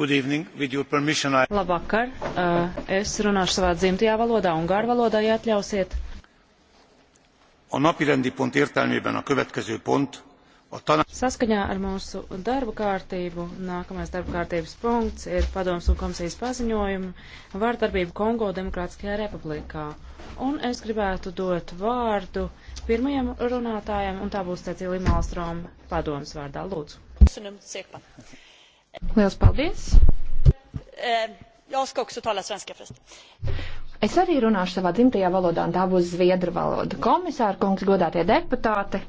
I... Labvakar. Uh, es runāšu savā dzimtajā valodā, ungāru valodā, ja atļausiet. A napirendi pont értelmében a következő pont Saskaņā ar mūsu darba kārtību nākamais darba kārtības punkts ir padoms un komisijas paziņojumi vārdarbību Kongo Demokrātiskajā republikā. Un es gribētu dot vārdu pirmajam runātājam, un tā būs Cecīlija Malstrom padoms vārdā. Lūdzu. Liels paldies! Ehm, es arī runāšu savā dzimtajā valodā, un tā būs zviedru valoda. Komisāra kungs, godātie deputāti!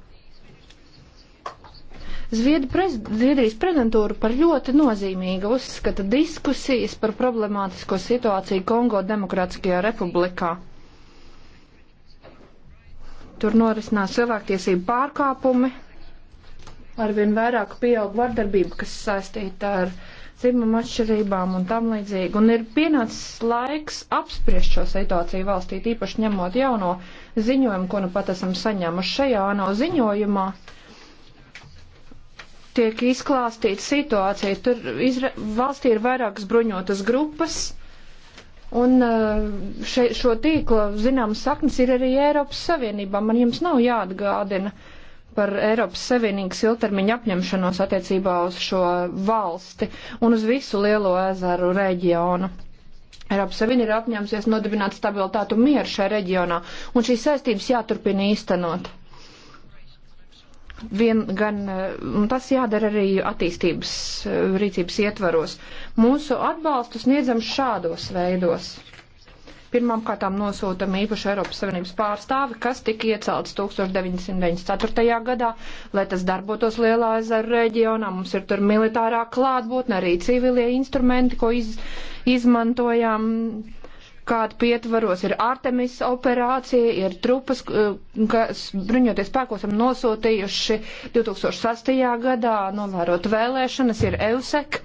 Zviedri prez, Zviedrijas prezidentūru par ļoti nozīmīgu uzskata diskusijas par problemātisko situāciju Kongo Demokrātiskajā republikā. Tur norisinās cilvēktiesību pārkāpumi, arvien vairāk pieaug vardarbība, kas saistīta ar dzimumu atšķirībām un tam līdzīgi. Un ir pienācis laiks apspriest šo situāciju valstī, īpaši ņemot jauno ziņojumu, ko nu pat esam saņēmuši šajā ANO ziņojumā. Tiek izklāstīta situācija. Tur izra... valstī ir vairākas bruņotas grupas, Un eh, še, šo tīklu, zinām, saknes ir arī Eiropas Savienībā. Man jums nav jāatgādina, par Eiropas Savienības ilgtermiņa apņemšanos attiecībā uz šo valsti un uz visu Lielo ezeru reģionu. Eiropas Savienība ir apņēmusies nodibināt stabilitātu mieru šajā reģionā, un šīs saistības jāturpina īstenot. Vien gan eh, tas jādara arī attīstības eh, rīcības ietvaros. Mūsu atbalstu sniedzam šādos veidos. Pirmām kārtām nosūtam īpašu Eiropas Savienības pārstāvi, kas tika iecelts 1994. gadā, lai tas darbotos Lielā ezera reģionā. Mums ir tur militārā klātbūtne, arī civilie instrumenti, ko iz, izmantojām. Kāda pietvaros ir Artemis operācija, ir trupas, eh, kas bruņoties spēkos ir nosūtījuši 2006. gadā, novērot vēlēšanas, ir EUSEK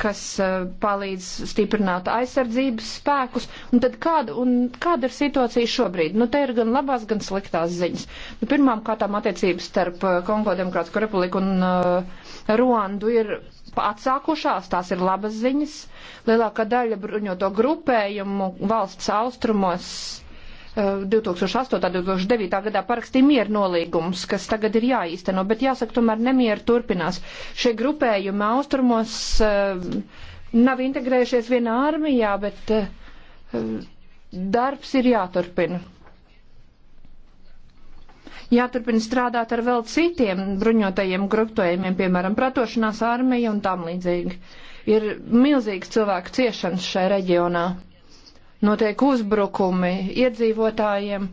kas eh, palīdz stiprināt aizsardzības spēkus. Un tad kāda, un kāda ir situācija šobrīd? Nu, te ir gan labās, gan sliktās ziņas. Nu, pirmām kārtām attiecības starp eh, Kongo Demokrātisko republiku un uh, Ruandu ir atsākušās, tās ir labas ziņas. Lielākā daļa bruņoto grupējumu valsts austrumos 2008. Uh, 2009. gadā parakstīja mieru nolīgumus, kas tagad ir jāīsteno, bet jāsaka, tomēr nemieru turpinās. Šie grupējumi austrumos uh, nav integrējušies vienā armijā, bet uh, darbs ir jāturpina jāturpina strādāt ar vēl citiem bruņotajiem grupējumiem, piemēram, pratošanās armija un tam līdzīgi. Ir milzīgs cilvēku ciešanas šajā reģionā notiek uzbrukumi iedzīvotājiem,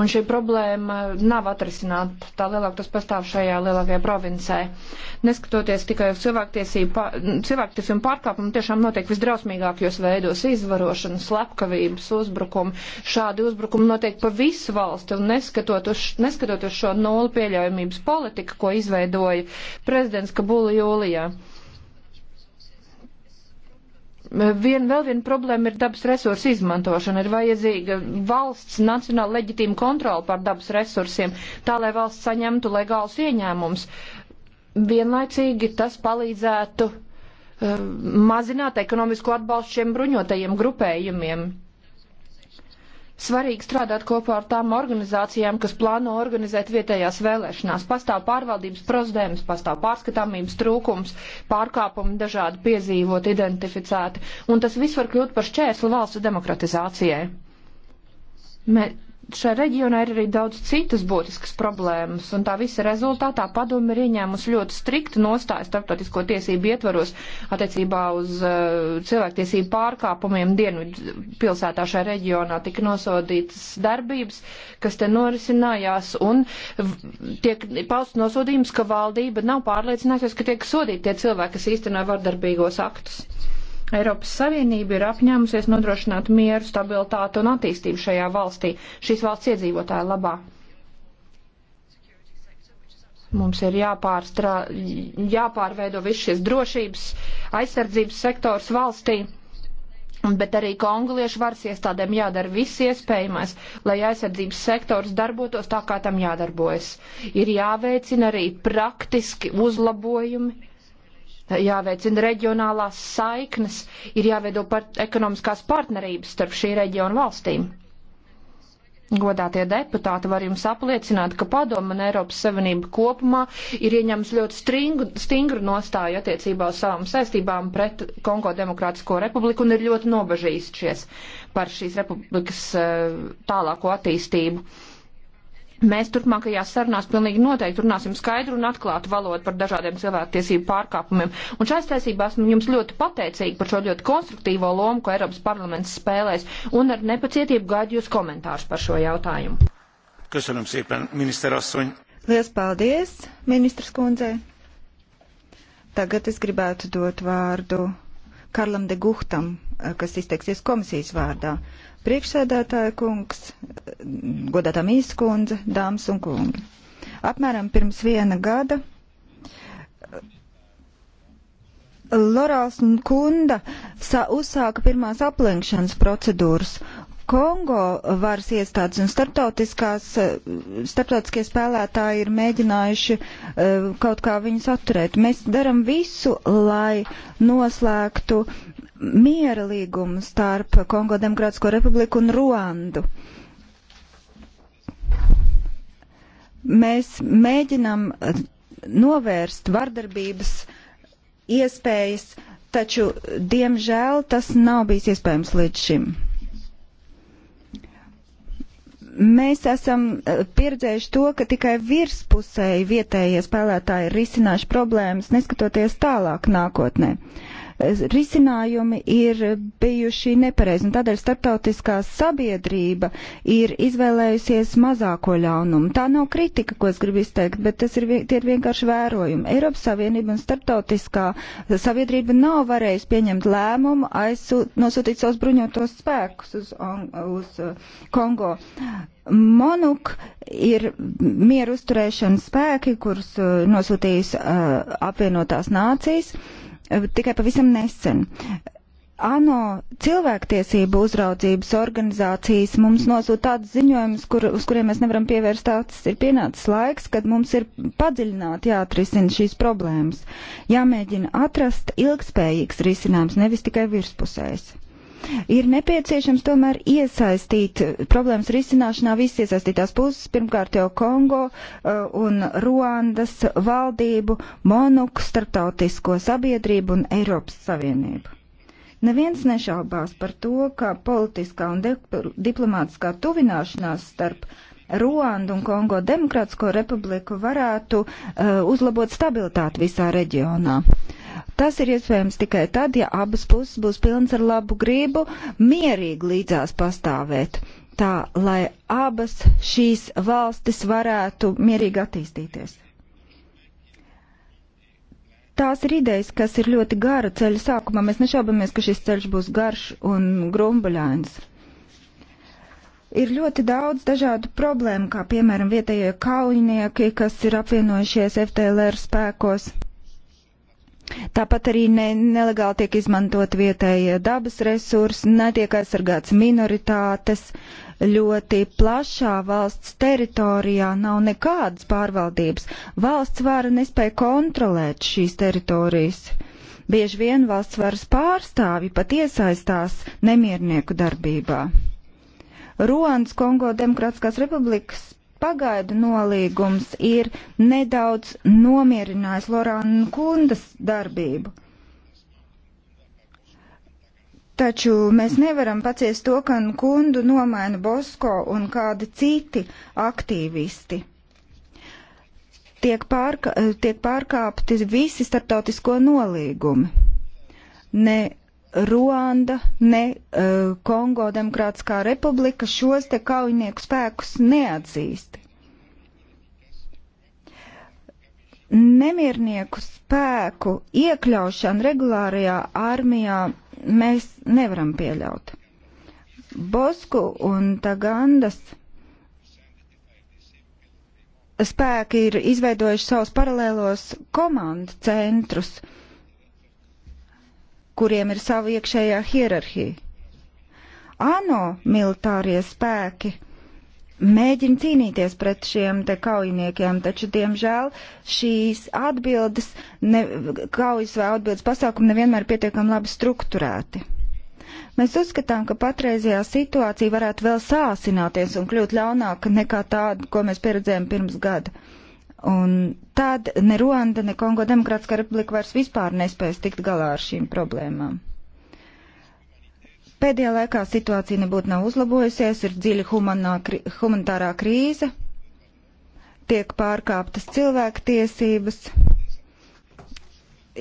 un šī problēma nav atrisināta. Tā lielāk tas pastāv šajā lielākajā provincē. Neskatoties tikai uz cilvēktiesību, cilvēktiesību pārkāpumu, tiešām notiek visdrausmīgākajos veidos izvarošana, slepkavības, uzbrukumi. Šādi uzbrukumi notiek pa visu valsti, un neskatot uz, neskatot uz šo nulli pieļaujamības politiku, ko izveidoja prezidents Kabula jūlijā. Vien, vēl viena problēma ir dabas resursu izmantošana. Ir vajadzīga valsts nacionāla leģitīma kontrola pār dabas resursiem, tā lai valsts saņemtu legālus ieņēmumus. Vienlaicīgi tas palīdzētu uh, mazināt ekonomisko atbalstu šiem bruņotajiem grupējumiem. Svarīgi strādāt kopā ar tām organizācijām, kas plāno organizēt vietējās vēlēšanās. Pastāv pārvaldības prozdēmas, pastāv pārskatāmības trūkums, pārkāpumi dažādi piezīvot, identificēti, un tas viss var kļūt par šķēslu valsts demokratizācijai. Mē, šai reģionā ir arī daudz citas būtiskas problēmas, un tā visa rezultātā padomi ir ieņēmusi ļoti striktu nostāju starptautisko tiesību ietvaros attiecībā uz uh, cilvēktiesību pārkāpumiem. Dienvidu pilsētā šai reģionā tika nosodītas darbības, kas te norisinājās, un tiek pausts nosodījums, ka valdība nav pārliecinājusies, ka tiek sodīti tie cilvēki, kas īstenā vardarbīgos aktus. Eiropas Savienība ir apņēmusies nodrošināt mieru, stabilitātu un attīstību šajā valstī, šīs valsts iedzīvotāju labā. Mums ir jāpārstrā, jāpārveido viss šis drošības, aizsardzības sektors valstī. Bet arī kongoliešu varas iestādēm jādara viss iespējamais, lai aizsardzības sektors darbotos tā, kā tam jādarbojas. Ir jāveicina arī praktiski uzlabojumi jāveicina reģionālās saiknes, ir jāveido par ekonomiskās partnerības starp šī reģiona valstīm. Godātie deputāti, var jums apliecināt, ka padoma un Eiropas Savienība kopumā ir ieņems ļoti stringu, stingru nostāju attiecībā uz savām saistībām pret Kongo Demokrātisko republiku un ir ļoti nobežījušies par šīs republikas eh, tālāko attīstību. Mēs turpmākajās sarunās pilnīgi noteikti runāsim skaidru un atklātu valodu par dažādiem cilvēktiesību pārkāpumiem. Un šajās taisībās esmu jums ļoti pateicīgi par šo ļoti konstruktīvo lomu, ko Eiropas parlaments spēlēs, un ar nepacietību gaidu jūs komentārus par šo jautājumu. Köszönöm szépen, miniszter asszony! Lielas paldies, ministrs kundzei! Tagad es gribētu dot vārdu Karlam de Guhtam, eh, kas izteiksies komisijas vārdā. Priekšsēdētāja kungs, godātā mīskundze, dāmas un kungi. Apmēram pirms viena gada eh, Lorāls un Kunda uzsāka pirmās aplenkšanas procedūras. Kongo varas iestādes un eh, starptautiskie spēlētāji ir mēģinājuši uh, kaut kā viņus atturēt. Mēs darām visu, lai noslēgtu miera līgumu starp Kongo Demokrātisko republiku un Ruandu. Mēs mēģinam eh, novērst vardarbības iespējas, taču, diemžēl, tas nav bijis iespējams līdz šim mēs esam eh, pieredzējuši to, ka tikai virspusēji vietējie spēlētāji ir risinājuši problēmas, neskatoties tālāk nākotnē. Uh, risinājumi ir bijuši nepareizi, un tādēļ starptautiskā sabiedrība ir izvēlējusies mazāko ļaunumu. Tā nav kritika, ko es gribu izteikt, bet tas ir, tie ir vienkārši vērojumi. Eiropas Savienība un starptautiskā sabiedrība nav varējusi pieņemt lēmumu aizsūt, nosūtīt savus bruņotos spēkus uz, uz uh, Kongo. Monuk ir mieru uzturēšanas spēki, kurus uh, nosūtījis uh, apvienotās nācijas. Uh, Eh, tikai pavisam nesen. ANO cilvēktiesību uzraudzības organizācijas mums nosūta tādus ziņojumus, kur, uz kuriem mēs nevaram pievērst tāds, ir pienācis laiks, kad mums ir padziļināti jāatrisina šīs problēmas. Jāmēģina atrast ilgspējīgs risinājums, nevis tikai virspusējs. Ir nepieciešams tomēr iesaistīt eh, problēmas risināšanā visas iesaistītās puses, pirmkārt jau Kongo eh, un Ruandas valdību, Monuku, starptautisko sabiedrību un Eiropas Savienību. Neviens nešaubās par to, ka politiskā un diplomātiskā tuvināšanās starp Ruandu un Kongo Demokrātisko republiku varētu uh, uzlabot stabilitāti visā reģionā. Uh, Tas ir iespējams tikai tad, ja abas puses būs pilnas ar labu gribu mierīgi līdzās pastāvēt, tā lai abas šīs valstis varētu mierīgi attīstīties. Tās ir idejas, kas ir ļoti gara ceļa sākumā. Mēs nešaubamies, ka šis ceļš būs garš un grumbuļains ir ļoti daudz dažādu problēmu, kā piemēram vietējie kaujinieki, kas ir apvienojušies FTLR spēkos. Tāpat arī ne, nelegāli tiek izmantot vietējie dabas resursi, netiek aizsargāts minoritātes. Ļoti plašā valsts teritorijā nav nekādas pārvaldības. Valsts vara nespēja kontrolēt šīs teritorijas. Bieži vien valsts varas pārstāvi pat iesaistās nemiernieku darbībā. Ruans Kongo Demokrātiskās republikas Pagaidu nolīgums ir nedaudz nomierinājis Lorāna Kundas darbību. Taču mēs nevaram paciest to, ka kundu nomaina Bosko un kādi citi aktīvisti. Tiek, pārka, tiek pārkāpti visi starptautisko nolīgumi. Ne Ruanda, ne uh, Kongo Demokrātiskā republika šos te kaujinieku spēkus neatzīst. Nemiernieku spēku iekļaušanu regulārajā armijā mēs nevaram pieļaut. Bosku un Tagandas spēki ir izveidojuši savus paralēlos komandu centrus. Uh, kuriem ir sava iekšējā hierarhija. ANO militārie spēki mēģina cīnīties pret šiem te kaujiniekiem, taču, diemžēl, šīs atbildes, ne, kaujas vai atbildes pasākumi nevienmēr pietiekam labi strukturēti. Mēs uzskatām, ka patreizajā situācija varētu vēl sāsināties un kļūt ļaunāka nekā tāda, ko mēs pieredzējām pirms gada. Un tad ne Ruanda, ne Kongo Demokrātiskā republika vairs vispār nespēs tikt galā ar šīm problēmām. Pēdējā laikā situācija nebūtu nav uzlabojusies, ir dziļa humanā, humanitārā krīze, tiek pārkāptas cilvēktiesības. tiesības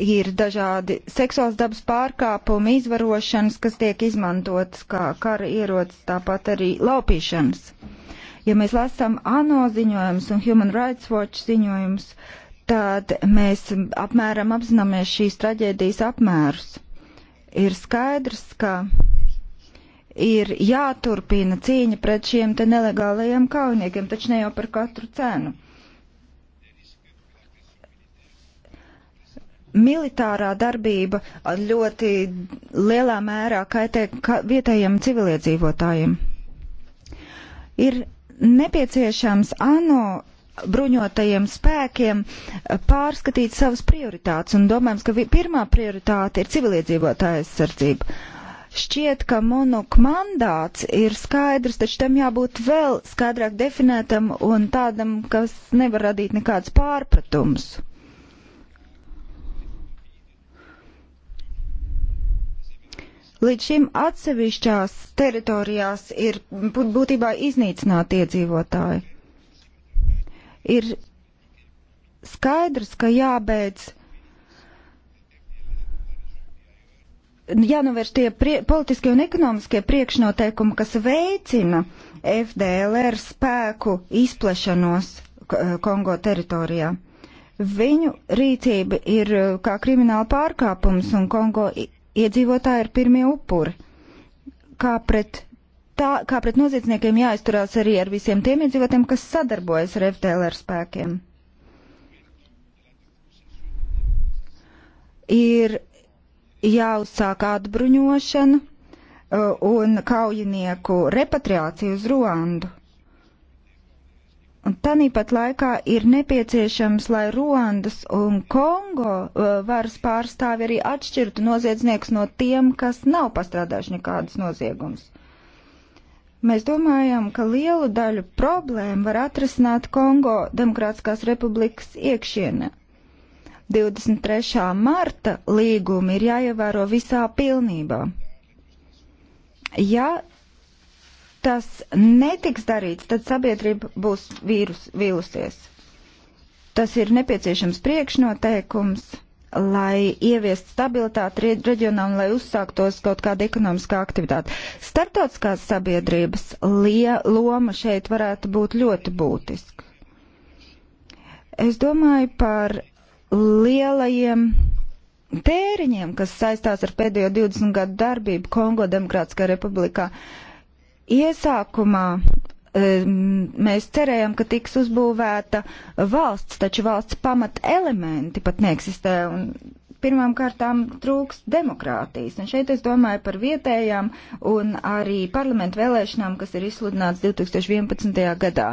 ir dažādi seksuāls dabas pārkāpumi, izvarošanas, kas tiek izmantotas kā kara ierocis, tāpat arī laupīšanas. Ja mēs lasām ANO ziņojumus un Human Rights Watch ziņojumus, tad mēs apmēram apzināmies šīs traģēdijas apmērus. Ir skaidrs, ka ir jāturpina cīņa pret šiem te nelegālajiem kaujiniekiem, taču ne jau par katru cenu militārā darbība ļoti lielā mērā kaitē ka vietējiem civiliedzīvotājiem. Ir nepieciešams ANO bruņotajiem spēkiem pārskatīt savas prioritātes, un domājams, ka pirmā prioritāte ir civiliedzīvotāja aizsardzība. Šķiet, ka monok mandāts ir skaidrs, taču tam jābūt vēl skaidrāk definētam un tādam, kas nevar radīt nekādus pārpratumus. Līdz šim atsevišķās teritorijās ir būtībā iznīcināti iedzīvotāji. Ir skaidrs, ka jābeidz jānovērš tie prie, politiskie un ekonomiskie priekšnoteikumi, kas veicina FDLR spēku izplešanos eh, Kongo teritorijā. Viņu rīcība ir eh, kā krimināla pārkāpums, un Kongo iedzīvotāji ir pirmie upuri. Kā pret, tā, kā pret noziedzniekiem jāizturās arī ar visiem tiem iedzīvotiem, kas sadarbojas ar FDLR spēkiem. Ir jāuzsāk atbruņošana uh, un kaujinieku repatriācija uz Ruandu. Un tāpat laikā ir nepieciešams, lai Ruandas un Kongo uh, varas pārstāvi arī atšķirtu noziedznieks no tiem, kas nav pastrādājuši nekādas noziegums. Mēs domājam, ka lielu daļu problēmu var atrisināt Kongo Demokrātiskās republikas iekšienē. 23. marta līgumi ir jāievēro visā pilnībā. Ja tas netiks darīts, tad sabiedrība būs vīrus, vīlusies. Tas ir nepieciešams priekšnoteikums, lai ieviestu stabilitāti reģionam, lai uzsāktos kaut kāda ekonomiskā aktivitāte. Startautiskās sabiedrības lie, loma šeit varētu būt ļoti būtiska. Es domāju par lielajiem tēriņiem, kas saistās ar pēdējo 20 gadu darbību Kongo Demokrātiskā republikā. Uh, Iesākumā mēs cerējām, ka tiks uzbūvēta valsts, taču valsts pamat elementi pat neeksistē. Pirmām kārtām trūks demokrātijas, un šeit es domāju par vietējām un arī parlamentu vēlēšanām, kas ir izsludināts 2011. gadā.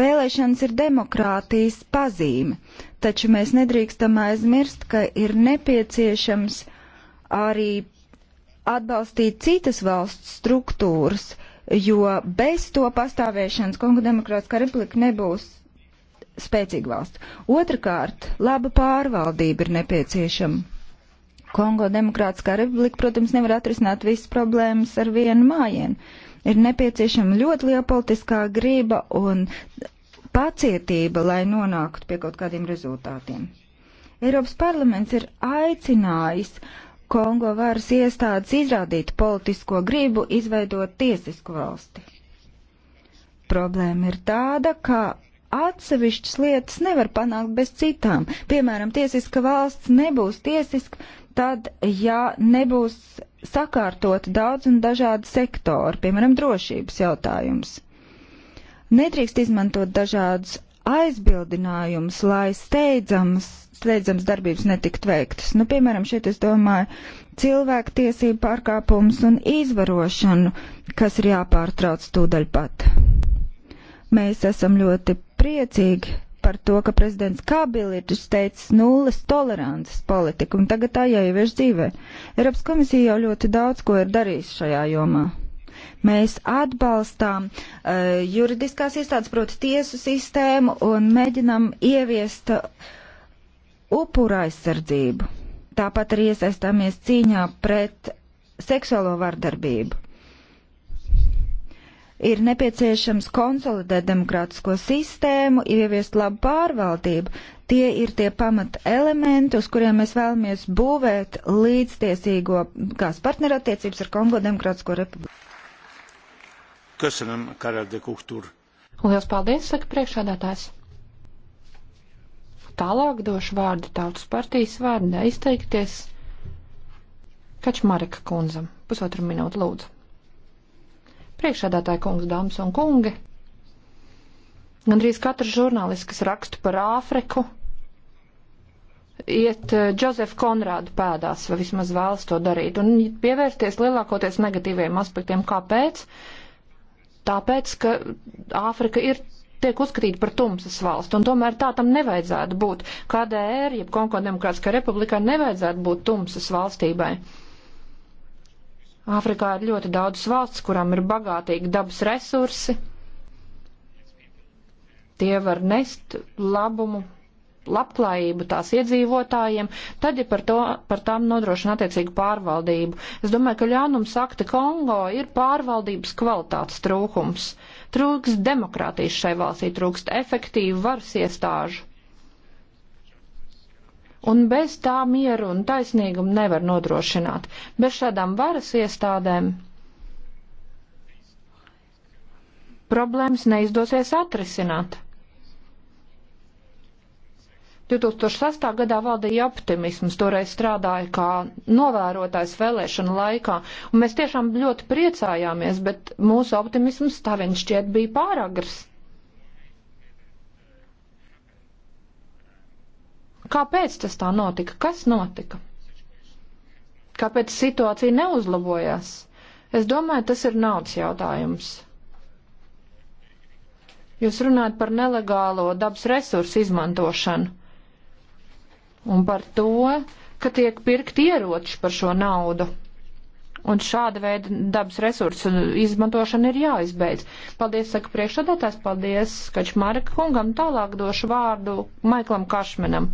Vēlēšanas ir demokrātijas pazīme, taču mēs nedrīkstam aizmirst, ka ir nepieciešams arī atbalstīt citas valsts struktūras, jo bez to pastāvēšanas Kongo Demokrātiskā republika nebūs spēcīga valsts. Otrakārt, laba pārvaldība ir nepieciešama. Kongo Demokrātiskā republika, protams, nevar atrisināt visas problēmas ar vienu mājienu. Ir nepieciešama ļoti liela politiskā grība un pacietība, lai nonāktu pie kaut kādiem rezultātiem. Eiropas parlaments ir aicinājis uh, Kongo varas iestādes izrādītu politisko gribu izveidot tiesisku valsti. Problēma ir tāda, ka atsevišķas lietas nevar panākt bez citām. Piemēram, tiesiska valsts nebūs tiesiska, tad, ja nebūs sakārtot daudz un dažādi sektori, piemēram, drošības jautājums. Nedrīkst izmantot dažādus aizbildinājumus, lai steidzamas steidzams darbības netikt veiktas. Nu, piemēram, šeit es domāju cilvēku tiesību pārkāpumus un izvarošanu, kas ir jāpārtrauc tūdaļ pat. Mēs esam ļoti priecīgi par to, ka prezidents Kabili ir teicis nulles tolerances politiku, un tagad tā jāievieš dzīvē. Eiropas komisija jau ļoti daudz ko ir darījusi šajā jomā. Mēs atbalstām uh, juridiskās iestādes, proti tiesu sistēmu, un mēģinam ieviest uh, upura aizsardzību. Tāpat arī iesaistāmies cīņā pret seksuālo vardarbību. Ir nepieciešams konsolidēt demokrātisko sistēmu, ieviest labu pārvaldību. Tie ir tie pamata elementi, uz kuriem mēs vēlamies būvēt līdztiesīgo kās partnerattiecības ar Kongo Demokrātisko republiku. Köszönöm, Karel de Kuhtur. Lielas paldies, saka priekšādātājs. Tālāk došu vārdu tautas partijas vārdā izteikties Kačmareka kundzam. Pusotru minūtu lūdzu. Priekšādātāja kungs, dāmas un kungi. Gandrīz katrs žurnālists, kas raksta par Āfriku, iet Džozefu eh, Konrādu pēdās, vai vismaz vēlas to darīt, un pievērsties lielākoties negatīviem aspektiem. Kāpēc? Tāpēc, ka Āfrika ir tiek uzskatīti par tumsas valsti, un tomēr tā tam nevajadzētu būt. KDR, jeb Kongodemokrātiskā republikā, nevajadzētu būt tumsas valstībai. Āfrikā ir ļoti daudz valsts, kurām ir bagātīgi dabas resursi. Tie var nest labumu labklājību tās iedzīvotājiem, tad ir par, to, par tām nodrošina attiecīgu pārvaldību. Es domāju, ka ļaunums akta Kongo ir pārvaldības kvalitātes trūkums. Trūks demokrātijas šai valstī, trūkst efektīvu varas iestāžu. Un bez tā mieru un taisnīgumu nevar nodrošināt. Bez šādām varas iestādēm problēmas neizdosies atrisināt. 2006. gadā valdīja optimisms, toreiz strādāja kā novērotājs vēlēšana laikā, un mēs tiešām ļoti priecājāmies, bet mūsu optimisms tā viņš šķiet bija pāragrs. Kāpēc tas tā notika? Kas notika? Kāpēc situācija neuzlabojās? Es domāju, tas ir naudas jautājums. Jūs runājat par nelegālo dabas resursu izmantošanu un par to, ka tiek pirkt ieroči par šo naudu. Un šāda veida dabas resursu izmantošana ir jāizbeidz. Paldies, saka priekšsādātājs, paldies Kačmarka kungam, tālāk došu vārdu Maiklam Kašmenam.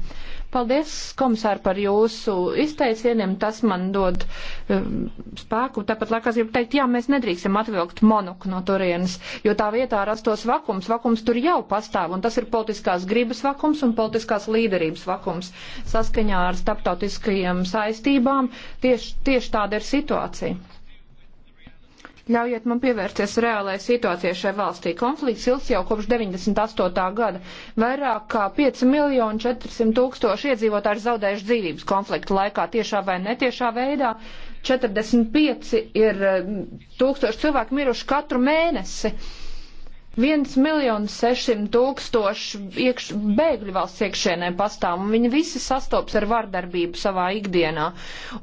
Paldies, komisāri, par jūsu izteicieniem. Tas man dod um, spēku. Tāpat laikā es gribu teikt, jā, mēs nedrīkstam atvilkt monoku no turienes, jo tā vietā rastos vakums. Vakums tur jau pastāv, un tas ir politiskās gribas vakums un politiskās līderības vakums saskaņā ar starptautiskajiem saistībām. Tieši, tieši tāda ir situācija. Ļaujiet man pievērsties reālajai situācijai šajā valstī. Konflikts ilgs jau kopš 98. gada. Vairāk kā 5 miljoni 400 tūkstoši iedzīvotāji ir zaudējuši dzīvības konflikta laikā tiešā vai netiešā veidā. 45 ir eh, tūkstoši cilvēku miruši katru mēnesi. 1 miljonu 600 tūkstoši iekš, bēgļu valsts iekšienē pastāv, un viņi visi sastops ar vardarbību savā ikdienā.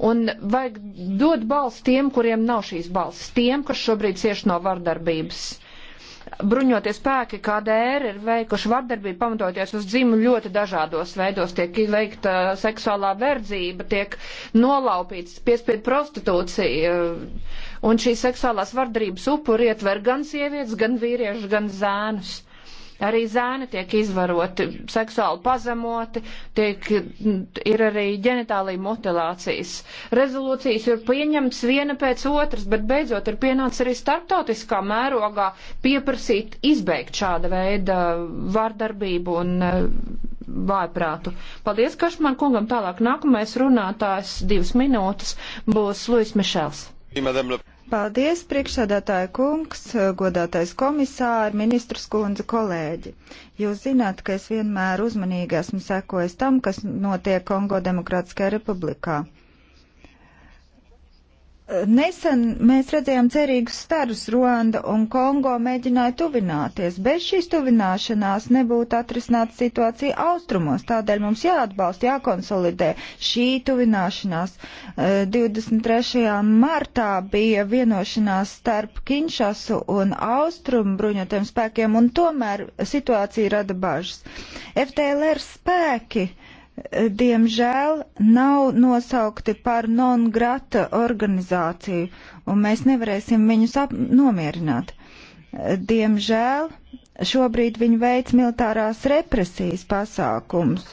Un vajag dot balsts tiem, kuriem nav šīs balsts, tiem, kas šobrīd cieš no vardarbības. Bruņoties spēki KDR ir veikuši vardarbību pamatoties uz dzimu ļoti dažādos veidos. Tiek veikta uh, seksuālā verdzība, tiek nolaupīts, piespiedu prostitūcija uh, Un šīs seksuālās vardarbības upuri ietver gan sievietes, gan vīriešus, gan zēnus. Arī zēni tiek izvaroti, seksuāli pazemoti, tiek, ir arī ģenitālija mutilācijas. Rezolūcijas ir pieņemts viena pēc otras, bet beidzot ir pienācis arī starptautiskā mērogā pieprasīt izbeigt šāda veida vārdarbību un eh, vājprātu. Paldies, Kašman kungam. Tālāk nākamais runātājs divas minūtes būs Luis Mišels. Madame Paldies, priekšsādātāja kungs, godātais komisāri, ministrs kundze, kolēģi. Jūs zināt, ka es vienmēr uzmanīgi esmu sekojis tam, kas notiek Kongo Demokrātiskajā republikā. Nesen mēs redzējām cerīgus starus Ruanda un Kongo mēģināja tuvināties. Bez šīs tuvināšanās nebūtu atrisināta situācija austrumos, tādēļ mums jāatbalsta, jākonsolidē šī tuvināšanās. 23. Eh, martā bija vienošanās starp Kinšasu un austrumu bruņotiem spēkiem, un tomēr situācija rada bažas. FTLR spēki uh, diemžēl nav nosaukti par non grata organizāciju, un mēs nevarēsim viņus ap, nomierināt. Diemžēl šobrīd viņi veic militārās represijas pasākums.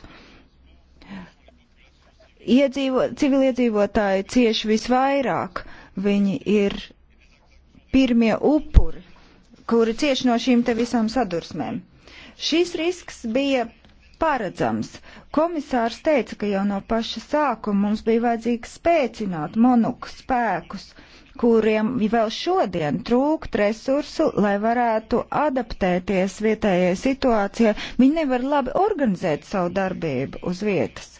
Iedzīvo, civiliedzīvotāji cieši visvairāk, viņi ir pirmie upuri, kuri cieši no šīm te visām sadursmēm. Šis risks bija paredzams. Komisārs teica, ka jau no paša sākuma mums bija vajadzīgs spēcināt monuku spēkus, kuriem vēl šodien trūkt resursu, lai varētu adaptēties vietējai situācijai. Viņi nevar labi organizēt savu darbību uz vietas.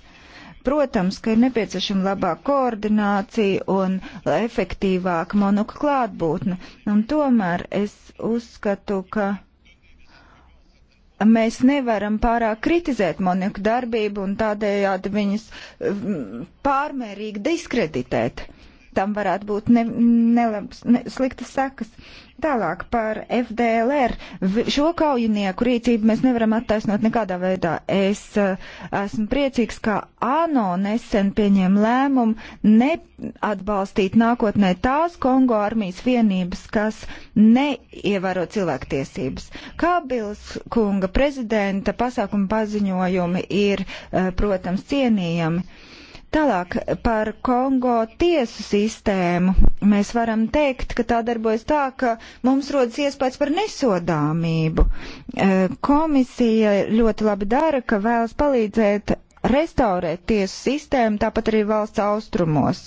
Protams, ka ir nepieciešama labāka koordinācija un efektīvāka monuka klātbūtne, un tomēr es uzskatu, ka mēs nevaram pārāk kritizēt Moniku darbību un tādējādi viņus mm, pārmērīgi diskreditēt. Uh, tam varētu būt ne, nelabs, ne, sliktas sekas. Tālāk par FDLR. Šo kaujinieku rīcību mēs nevaram attaisnot nekādā veidā. Es eh, esmu priecīgs, ka ANO nesen pieņēma lēmumu neatbalstīt nākotnē tās Kongo armijas vienības, kas neievēro cilvēktiesības. Kabils kunga prezidenta pasākuma paziņojumi ir, eh, protams, cienījami Tālāk par Kongo tiesu sistēmu. Mēs varam teikt, ka tā darbojas tā, ka mums rodas iespējas par nesodāmību. E, komisija ļoti labi dara, ka vēlas palīdzēt restaurēt tiesu sistēmu, tāpat arī valsts austrumos.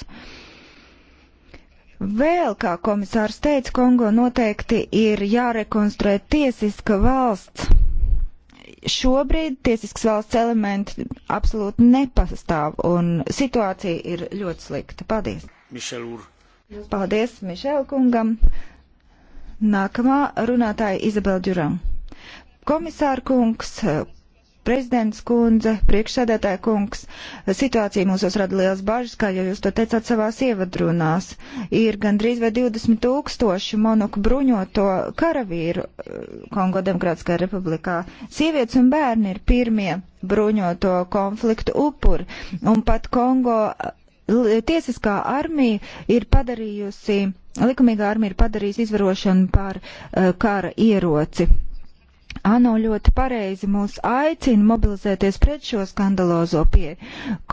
Vēl, kā komisārs teica, Kongo noteikti ir jārekonstruē tiesiska valsts Šobrīd tiesisks valsts elementi absolūti nepastāv, un situācija ir ļoti slikta. Paldies! Mišelur. Paldies Mišel kungam! Nākamā runātāja Izabela Džuram. Komisāra kungs, Prezidents kundze, priekšsēdētāja kungs, situācija mūsos rada liels bažas, kā jau jūs to teicāt savās ievadrunās. Ir gandrīz vai 20 tūkstoši monoku bruņoto karavīru eh, Kongo Demokrātiskajā republikā. Sievietes un bērni ir pirmie bruņoto konfliktu upuri, un pat Kongo eh, tiesiskā armija ir padarījusi, likumīgā armija ir padarījusi izvarošanu par uh, kara ieroci ANO ļoti pareizi mūs aicina mobilizēties pret šo skandalozo pieeju.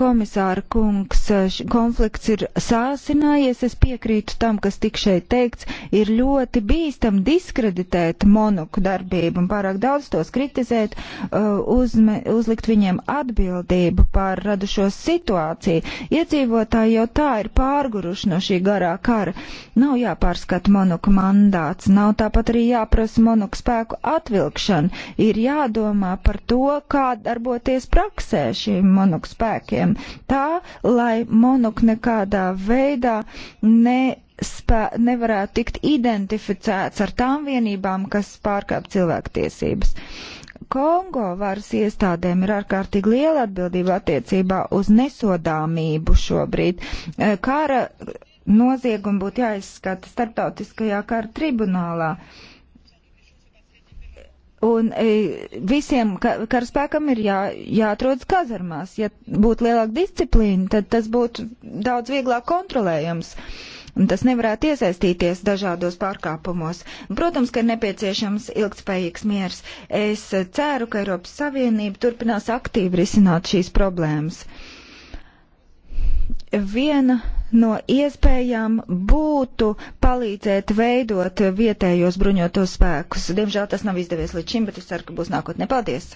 Komisāra kungs, eh, konflikts ir sāsinājies, es piekrītu tam, kas tik šeit teikts, ir ļoti bīstam diskreditēt monoku darbību un pārāk daudz tos kritizēt, eh, uzme, uzlikt viņiem atbildību par radušo situāciju. Iedzīvotāji jau tā ir pārguruši no šī garā kara. Nav jāpārskata monoku mandāts, nav tāpat arī jāprasa monoku spēku atvilkšana ieviešanu. Ir jādomā par to, kā darboties praksē šīm monok spēkiem, tā, lai monok nekādā veidā ne spē, nevarētu tikt identificēts ar tām vienībām, kas pārkāp cilvēktiesības. Kongo varas iestādēm ir ārkārtīgi liela atbildība attiecībā uz nesodāmību šobrīd. Eh, kara noziegumi būtu jāizskata starptautiskajā kara tribunālā. Uh, Un e, visiem karaspēkam ir jā, jāatrodas kazarmās. Ja būtu lielāka disciplīna, tad tas būtu daudz vieglāk kontrolējams. Un tas nevarētu iesaistīties dažādos pārkāpumos. Protams, ka ir nepieciešams ilgspējīgs miers. Es ceru, ka Eiropas Savienība turpinās aktīvi risināt šīs problēmas. Uh, viena no iespējām būtu palīdzēt veidot vietējos bruņotos spēkus. Diemžēl tas nav izdevies līdz šim, bet es ceru, ka būs nākotnē. Paldies!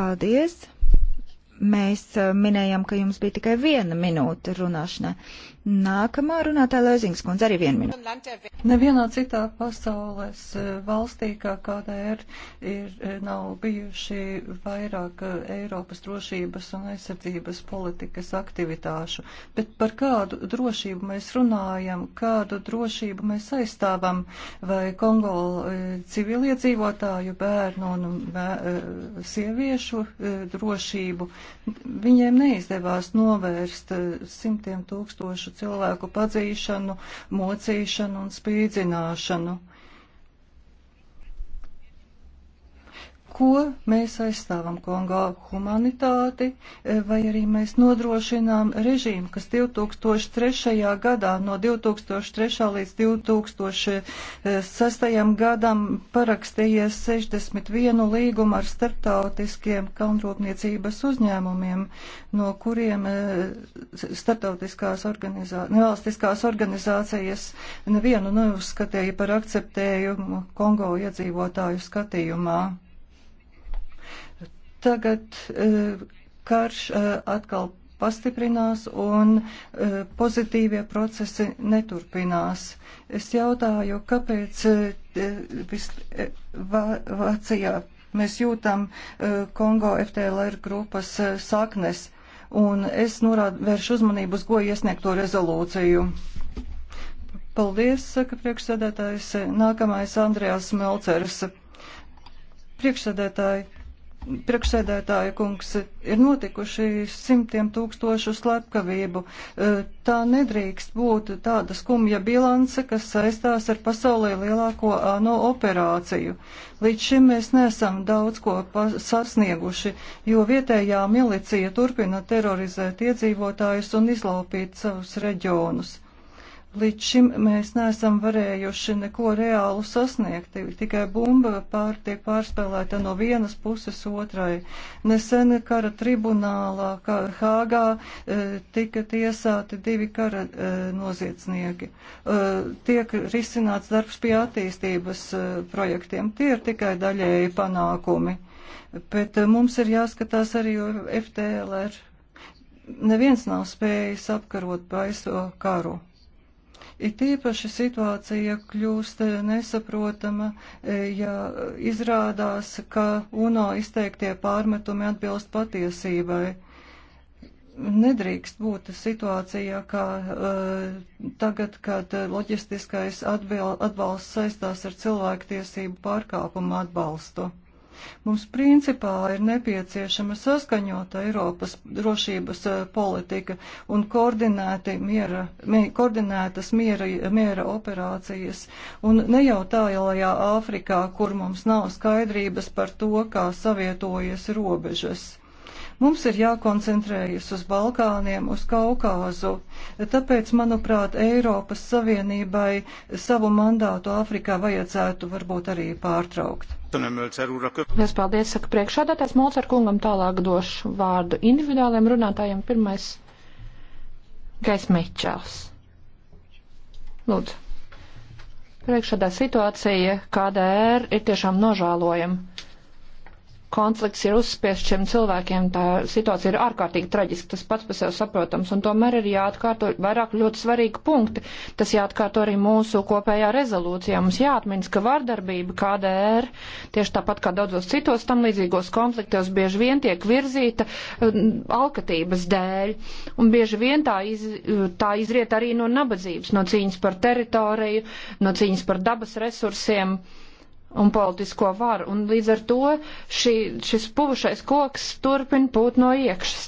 Paldies! Mēs eh, minējām, ka jums bija tikai viena minūte runāšanai. Nākamā runātāja Lēzings kundze arī vienu minūti. Nevienā citā pasaules e, valstī, kā KDR, ir, e, nav bijuši vairāk e, Eiropas drošības un aizsardzības politikas aktivitāšu. Bet par kādu drošību mēs runājam, kādu drošību mēs aizstāvam, vai Kongo civiliedzīvotāju, bērnu un bē, sieviešu drošību, viņiem neizdevās novērst simtiem tūkstošu cilvēku padzīšanu, mocīšanu un spīdzināšanu. ko mēs aizstāvam Kongo - humanitāti, e, vai arī mēs nodrošinām režīmu, kas 2003. gadā, no 2003. līdz 2006. gadam parakstījies 61 līgumu ar starptautiskiem kalnrūpniecības uzņēmumiem, no kuriem e, starptautiskās organizācijas, nevalstiskās organizācijas nevienu neuzskatīja par akceptējumu Kongo iedzīvotāju skatījumā. Tagad eh, karš eh, atkal pastiprinās un eh, pozitīvie procesi neturpinās. Es jautāju, kāpēc Vācijā mēs jūtam Kongo FTLR grupas saknes, un es norādu, vēršu uzmanību uz ko iesniegto rezolūciju. Paldies, saka priekšsēdētājs. Nākamais Andrejs Melceris. Priekšsēdētāji, priekšsēdētāja kungs, ir notikuši simtiem tūkstošu slepkavību. E, tā nedrīkst būt tāda skumja bilance, kas saistās ar pasaulē lielāko ANO operāciju. Līdz šim mēs nesam daudz ko sasnieguši, jo vietējā milicija turpina terorizēt iedzīvotājus un izlaupīt savus reģionus. Līdz šim mēs neesam varējuši neko reālu sasniegt, tikai bumba pār, tiek pārspēlēta no vienas puses otrai. Nesen kara tribunālā kā Hāgā e, tika tiesāti divi kara e, noziedznieki. E, tiek risināts darbs pie attīstības projektiem. Tie ir tikai daļēji panākumi. Bet mums ir jāskatās arī FTLR. Neviens nav spējis apkarot baiso karu It īpaši situācija kļūst eh, nesaprotama, eh, ja izrādās, ka UNO izteiktie pārmetumi atbilst patiesībai nedrīkst būt situācijā, kā uh, tagad, kad loģistiskais atbalsts saistās ar cilvēktiesību pārkāpumu atbalstu. Mums principā ir nepieciešama saskaņota Eiropas drošības eh, politika un miera, koordinētas miera, miera operācijas. Un ne jau tālajā Āfrikā, kur mums nav skaidrības par to, kā savietojas robežas. Mums ir jākoncentrējas uz Balkāniem, uz Kaukāzu. Tāpēc, manuprāt, Eiropas Savienībai savu mandātu Āfrikā vajadzētu varbūt arī pārtraukt. Mēs paldies, saka priekšādātais Molcer kungam, tālāk došu vārdu individuāliem runātājiem. Pirmais Gais Mečels. Lūdzu. Priekšādā situācija KDR ir tiešām nožēlojama konflikts ir uzspiests šiem cilvēkiem, tā situācija ir ārkārtīgi traģiska, tas pats par sevi saprotams, un tomēr ir jāatkārto vairāk ļoti svarīgi punkti. Tas jāatkārto arī mūsu kopējā rezolūcijā. Mums jāatminas, ka vardarbība KDR, tieši tāpat kā daudzos citos tam līdzīgos konfliktos, bieži vien tiek virzīta um, alkatības dēļ, un bieži vien tā, iz, tā izriet arī no nabadzības, no cīņas par teritoriju, no cīņas par dabas resursiem un politisko varu, un līdz ar to šī, šis puvušais koks turpina pūt no iekšas.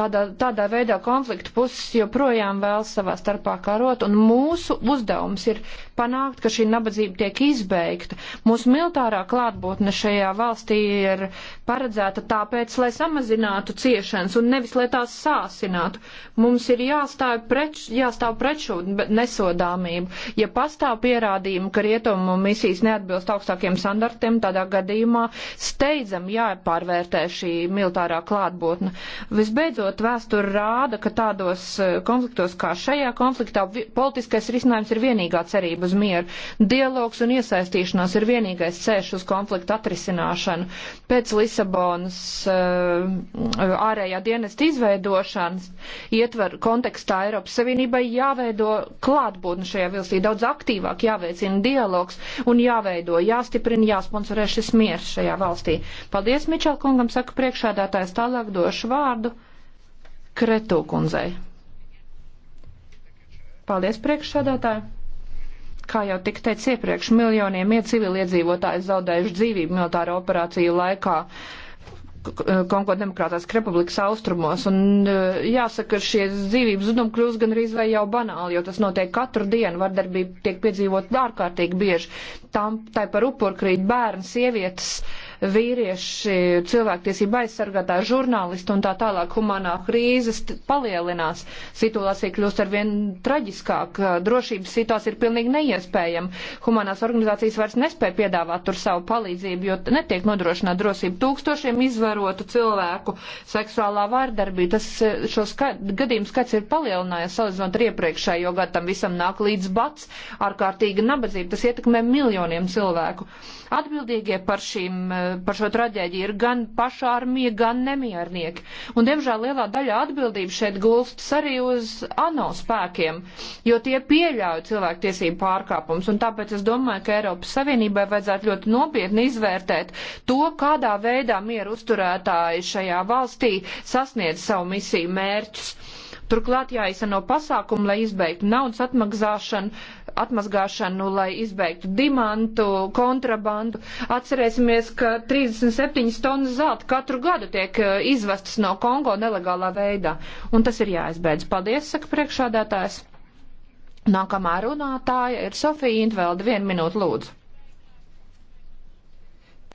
Tādā, tādā veidā konfliktu puses joprojām vēl savā starpā karot, un mūsu uzdevums ir panākt, ka šī nabadzība tiek izbeigta. Mūsu militārā klātbūtne šajā valstī ir paredzēta tāpēc, lai samazinātu ciešanas un nevis, lai tās sāsinātu. Mums ir jāstāv, preč, jāstāv preču nesodāmību. Ja pastāv pierādījumi, ka rietumu misijas neatbilst augstākiem standartiem, tādā gadījumā steidzam jāpārvērtē šī militārā klātbūtne. Visbeidzot, vēsture rāda, ka tādos konfliktos kā šajā konfliktā politiskais risinājums ir vienīgā cerība uz mieru. Dialogs un iesaistīšanās ir vienīgais ceļš uz konfliktu atrisināšanu. Pēc Lisabonas uh, ārējā dienesta izveidošanas ietver kontekstā Eiropas Savienībai jāveido klātbūtne šajā vilstī, daudz aktīvāk jāveicina dialogs un jāveido, jāstiprina, jāsponsorē šis miers šajā valstī. Paldies, Mičel kungam, saka priekšādātājs, tālāk došu vārdu Kretu kundzei. Paldies, priekšsādātāji! Kā jau tika teicis iepriekš, miljoniem civiliedzīvotāji zaudējuši dzīvību militāro operāciju laikā. Kongo Demokrātās Republikas austrumos. Un e, jāsaka, šie dzīvības zudumi kļūst gan arī vai jau banāli, jo tas notiek katru dienu. Vardarbība tiek piedzīvot ārkārtīgi bieži. Tam, tai par upurkrīt bērni, sievietes. Uh, vīrieši, cilvēktiesība aizsargātā žurnālisti un tā tālāk humanā krīzes palielinās. Situācija kļūst ar vien traģiskāk, drošības situācija ir pilnīgi neiespējama. Humanās organizācijas vairs nespēja piedāvāt tur savu palīdzību, jo netiek nodrošināta drosība tūkstošiem izvarotu cilvēku seksuālā vārdarbība. Tas eh, šo skat, gadījumu skaits ir palielinājies salīdzinot ar iepriekšējo gadu, tam visam nāk līdz bats, ārkārtīga nabadzība, tas ietekmē miljoniem cilvēku. Atbildīgie par šīm uh, par šo traģēdiju ir gan pašā armija, gan nemiernieki. Un, diemžēl, lielā daļa atbildības šeit gulstas arī uz ANO spēkiem, jo tie pieļauj cilvēktiesību pārkāpums. Un tāpēc es domāju, ka Eiropas Savienībai vajadzētu ļoti nopietni izvērtēt to, kādā veidā mieru uzturētāji šajā valstī sasniedz savu misiju mērķus. Turklāt jāizsano pasākumu, lai izbeigtu naudas atmaksāšanu atmazgāšanu, lai izbeigtu dimantu, kontrabandu. Atcerēsimies, ka 37 tonnas zelta katru gadu tiek eh, izvestas no Kongo nelegālā veidā. Un tas ir jāizbeidz. Paldies, saka priekšādātājs. Nākamā runātāja ir Sofija Intvelda. Vienu minūtu lūdzu.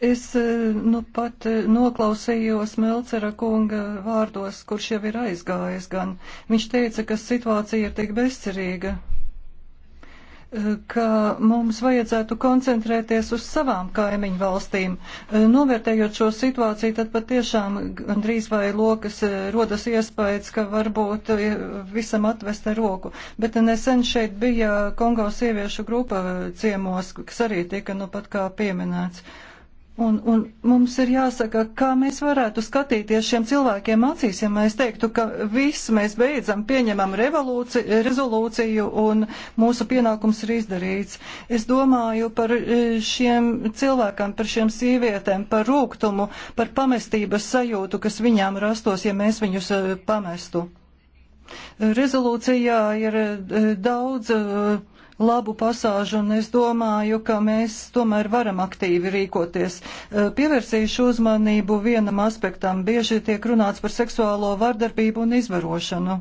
Es eh, nu pat eh, noklausījos Melcera kunga vārdos, kurš jau ir aizgājis gan. Viņš teica, ka situācija ir tik bezcerīga, ka mums vajadzētu koncentrēties uz savām kaimiņu valstīm. Novērtējot šo situāciju, tad patiešām drīz vai lokas eh, rodas iespējas, ka varbūt eh, visam atvest ar roku. Bet nesen šeit bija Kongo sieviešu grupa ciemos, kas arī tika nu pat kā pieminēts. Un, un mums ir jāsaka, kā mēs varētu skatīties šiem cilvēkiem acīs, ja mēs teiktu, ka viss mēs beidzam pieņemam rezolūciju un mūsu pienākums ir izdarīts. Es domāju par e, šiem cilvēkiem, par šiem sīvietēm, par rūgtumu, par pamestības sajūtu, kas viņām rastos, ja mēs viņus e, pamestu. Rezolūcijā ir e, daudz labu pasāžu, un es domāju, ka mēs tomēr varam aktīvi rīkoties. Eh, pievērsīšu uzmanību vienam aspektam. Bieži tiek runāts par seksuālo vardarbību un izvarošanu.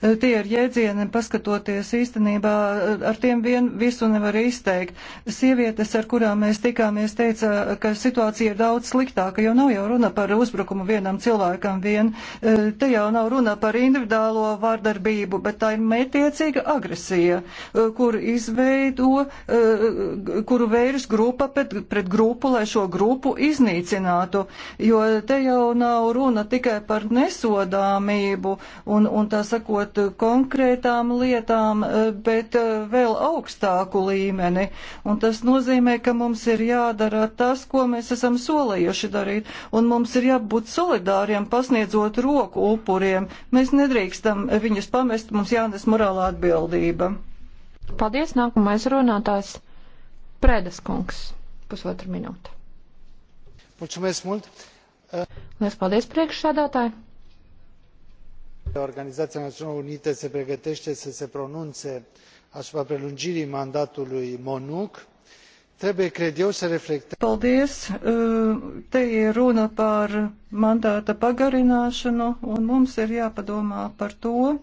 Eh, tie ir jēdzieni, paskatoties īstenībā, eh, ar tiem vien visu nevar izteikt. Sievietes, ar kurām mēs tikāmies, teica, ka situācija ir daudz sliktāka, jo nav jau runa par uzbrukumu vienam cilvēkam vien. Eh, te jau nav runa par individuālo vārdarbību, bet tā ir mētiecīga agresija, kur izveido, kuru vērš grupa pret, pret grupu, lai šo grupu iznīcinātu. Jo te jau nav runa tikai par nesodāmību un, un tā sakot, sākot eh, konkrētām lietām, eh, bet eh, vēl augstāku līmeni. Un tas nozīmē, ka mums ir jādara tas, ko mēs esam solījuši darīt, un mums ir jābūt solidāriem, pasniedzot roku upuriem. Mēs nedrīkstam viņus pamest, mums jānes morāla atbildība. Paldies, nākamais runātājs Prēdas kungs. Pusotru minūtu. Mulțumesc mult! Liels paldies priekšsādātāji! organizaia naiunilor unite se pregătete să se pronune asupra prelungirii mandatului monuc trebuie cred eu să reflectăm. Paldies! Uh, te ir e runa par mandāta pagarināšanu un mums ir jāpadomā par to,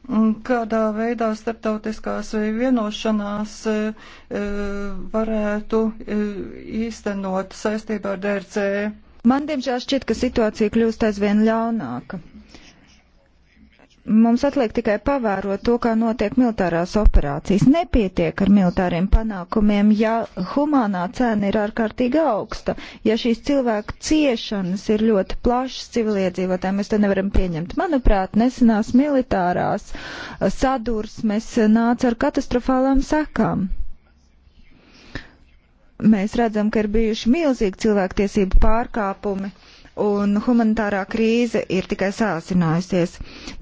mm, kādā veidā starptautiskās vienošanās uh, varētu uh, īstenot saistībā ar DRC. Man, diemžēl, šķiet, ka situācija kļūst aizvien ļaunāka. Mums atliek tikai pavērot to, kā notiek militārās operācijas. Nepietiek ar militāriem panākumiem, ja humānā cena ir ārkārtīgi augsta, ja šīs cilvēku ciešanas ir ļoti plašas civiliedzīvotājiem, mēs to nevaram pieņemt. Manuprāt, nesenās militārās sadursmes nāca ar katastrofālām sekām mēs redzam, ka ir bijuši milzīgi cilvēktiesību pārkāpumi un humanitārā krīze ir tikai sāsinājusies.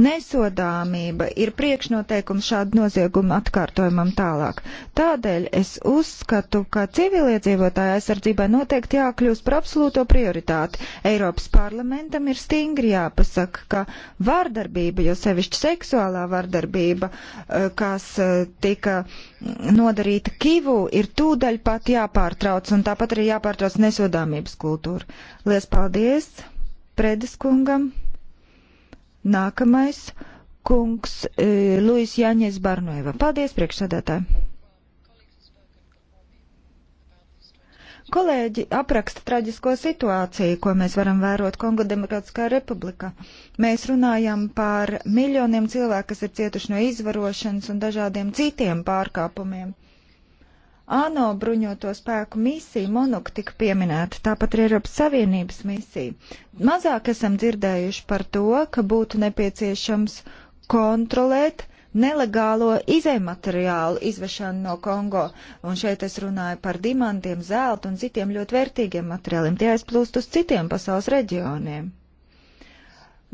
Nesodāmība ir priekšnoteikums šādu noziegumu atkārtojumam tālāk. Tādēļ es uzskatu, ka civiliedzīvotāja aizsardzībai noteikti jākļūst par absolūto prioritāti. Eiropas parlamentam ir stingri jāpasaka, ka vardarbība, jo sevišķi seksuālā vardarbība, eh, kas eh, tika nodarīta Kivu, ir tūdaļ pat jāpārtrauc, un tāpat arī jāpārtrauc nesodāmības kultūra. Lies paldies! Paldies Predes kungam. Nākamais kungs e, Luis Jāņies Barnoeva. Paldies priekšsēdētāji. Kolēģi apraksta traģisko situāciju, ko mēs varam vērot Kongo Demokrātiskā republikā. Mēs runājam par miljoniem cilvēku, kas ir cietuši no izvarošanas un dažādiem citiem pārkāpumiem. ANO bruņoto spēku misija Monuk tika pieminēta, tāpat arī Eiropas Savienības misija. Mazāk esam dzirdējuši par to, ka būtu nepieciešams kontrolēt nelegālo izējumateriālu izvešanu no Kongo. Un šeit es runāju par dimantiem, zeltu un citiem ļoti vērtīgiem materiāliem. Tie aizplūst uz citiem pasaules reģioniem.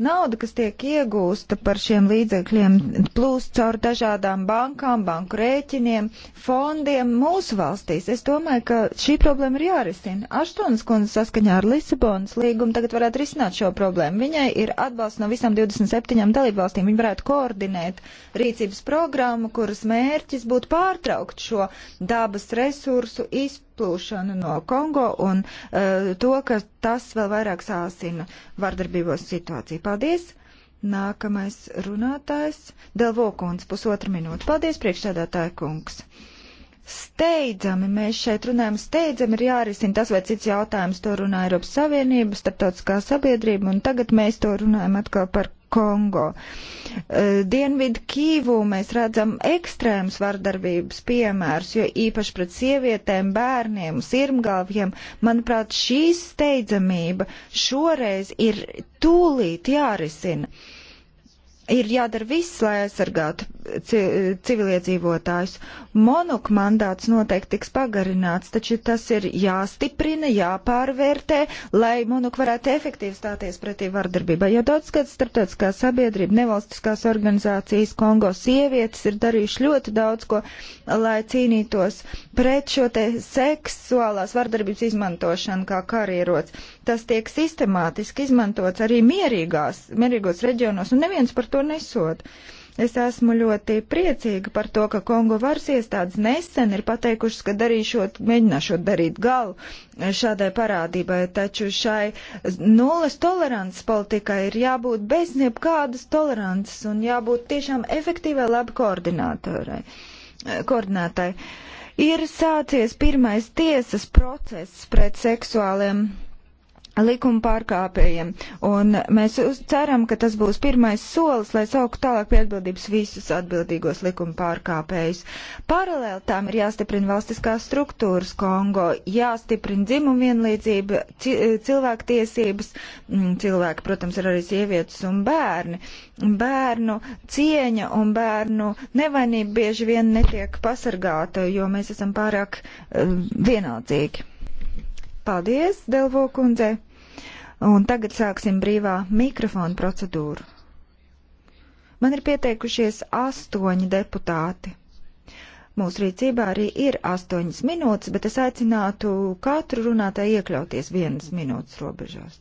Nauda, kas tiek iegūsta par šiem līdzekļiem, plūst caur dažādām bankām, banku rēķiniem, fondiem mūsu valstīs. Es domāju, ka šī problēma ir jārisina. Aštunas kundze saskaņā ar Lisabonas līgumu tagad varētu risināt šo problēmu. Viņai ir atbalsts no visām 27 dalībvalstīm. Viņa varētu koordinēt rīcības programmu, kuras mērķis būtu pārtraukt šo dabas resursu izpētību atplūšanu no Kongo un uh, to, ka tas vēl vairāk sāsina vardarbībos situāciju. Paldies! Nākamais runātājs - Delvokuns, pusotra minūte. Paldies, priekšsēdētāja kungs! Steidzami, mēs šeit runājam, steidzami ir jārisina tas vai cits jautājums, to runā Eiropas Savienība, starptautiskā sabiedrība, un tagad mēs to runājam atkal par Kongo. Eh, Dienvidu Kīvū mēs redzam ekstrēms vardarbības piemērs, jo īpaši pret sievietēm, bērniem, sirmgalviem, manuprāt, šī steidzamība šoreiz ir tūlīt jārisina ir jādara viss, lai aizsargātu civiliedzīvotājus. Monok mandāts noteikti tiks pagarināts, taču tas ir jāstiprina, jāpārvērtē, lai Monok varētu efektīvi stāties pretī vardarbībai. Jo daudz gads starptautiskā sabiedrība, nevalstiskās organizācijas, Kongo sievietes ir darījuši ļoti daudz ko, lai cīnītos pret šo te seksuālās vardarbības izmantošanu kā karierots tas tiek sistemātiski izmantots arī mierīgās, mierīgos reģionos, un neviens par to nesot. Es esmu ļoti priecīga par to, ka Kongo varas iestādes nesen ir pateikušas, ka darīšot, mēģināšot darīt galu šādai parādībai, taču šai nulles tolerances politikai ir jābūt bez jebkādas tolerances un jābūt tiešām efektīvai, labi koordinātorai. koordinātai. Ir sācies pirmais tiesas process pret seksuāliem likuma pārkāpējiem. Un mēs ceram, ka tas būs pirmais solis, lai sauktu tālāk pie atbildības visus atbildīgos likuma pārkāpējus. Paralēli tām ir jāstiprina valstiskās struktūras Kongo, jāstiprina dzimumu vienlīdzība, cilvēku tiesības, mm, cilvēki, protams, ir arī sievietes un bērni. Bērnu cieņa un bērnu nevainība bieži vien netiek pasargāta, jo mēs esam pārāk uh, vienaldzīgi. Paldies, Delvo kundzei! Un tagad sāksim brīvā mikrofona procedūru. Man ir pieteikušies astoņi deputāti. Mūsu rīcībā arī ir astoņas minūtes, bet es aicinātu katru runātāju iekļauties vienas minūtes robežās.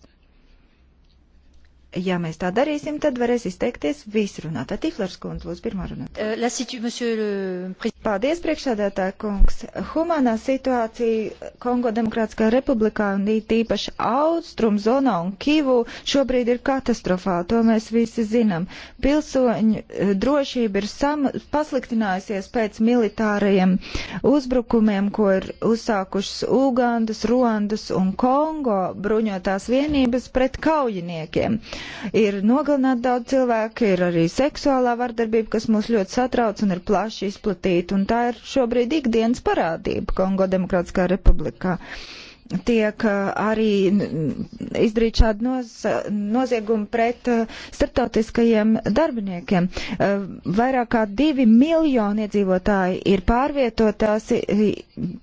Ja mēs tā darīsim, tad varēs izteikties visi runāt. Tiflers kundze, lūdzu, pirmā runā. Euh, Paldies, priekšsādātā kungs. Humanā situācija Kongo Demokrātiskā republikā un īpaši austrum zonā un Kivu šobrīd ir katastrofāla, to mēs visi zinām. Pilsoņu eh, drošība ir sam, pasliktinājusies pēc militārajiem uzbrukumiem, ko ir uzsākušas Ugandas, Ruandas un Kongo bruņotās vienības pret kaujiniekiem. Uh, Ir nogalināti daudz cilvēku, ir arī seksuālā vardarbība, kas mūs ļoti satrauc un ir plaši izplatīta, un tā ir šobrīd ikdienas parādība Kongo Demokrātiskā republikā. Uh, tiek eh, arī izdarīt šādu noz, noziegumu pret eh, starptautiskajiem darbiniekiem. Eh, vairāk kā divi miljoni iedzīvotāji ir pārvietotās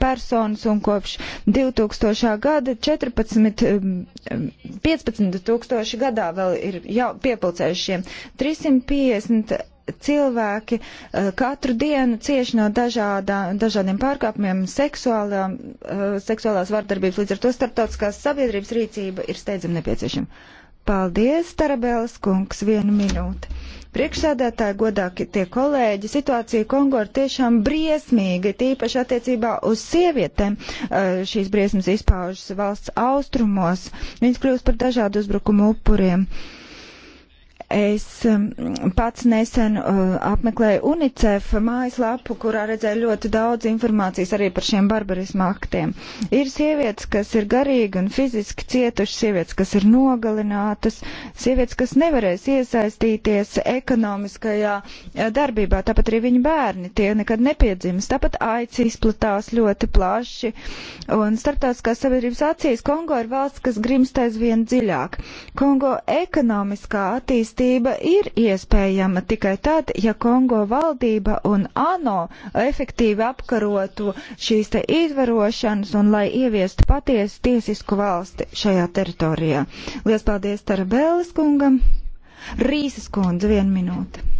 personas un kopš 2000. gada 14, 15 tūkstoši gadā vēl ir jau piepulcējušiem. 350 cilvēki eh, katru dienu cieš no dažādā, dažādiem pārkāpumiem, seksuālā, eh, seksuālās vardarbības, līdz ar to starptautiskās sabiedrības rīcība ir steidzami nepieciešama. Paldies, Tarabēlas kungs, vienu minūti. Priekšsēdētāji, godāki tie kolēģi, situācija Kongo ir tiešām briesmīga, tīpaši attiecībā uz sievietēm. Eh, šīs briesmas izpaužas valsts austrumos, viņas kļūst par dažādu uzbrukumu upuriem. Uh, Es um, pats nesen uh, apmeklēju UNICEF mājaslapu, kurā redzēju ļoti daudz informācijas arī par šiem barbarismu aktiem. Ir sievietes, kas ir garīgi un fiziski cietušas, sievietes, kas ir nogalinātas, sievietes, kas nevarēs iesaistīties ekonomiskajā uh, darbībā, tāpat arī viņu bērni, tie nekad nepiedzimst, tāpat aici izplatās ļoti plaši. Un starptautiskās sabiedrības acīs Kongo ir valsts, kas grimst aizvien dziļāk. Kongo ekonomiskā attīstība Attīstība ir iespējama tikai tad, ja Kongo valdība un ANO efektīvi apkarotu šīs te izvarošanas un lai ieviestu patiesu tiesisku valsti šajā teritorijā. Lielas paldies Tarabēlis kungam. Rīsas kundze, viena minūte.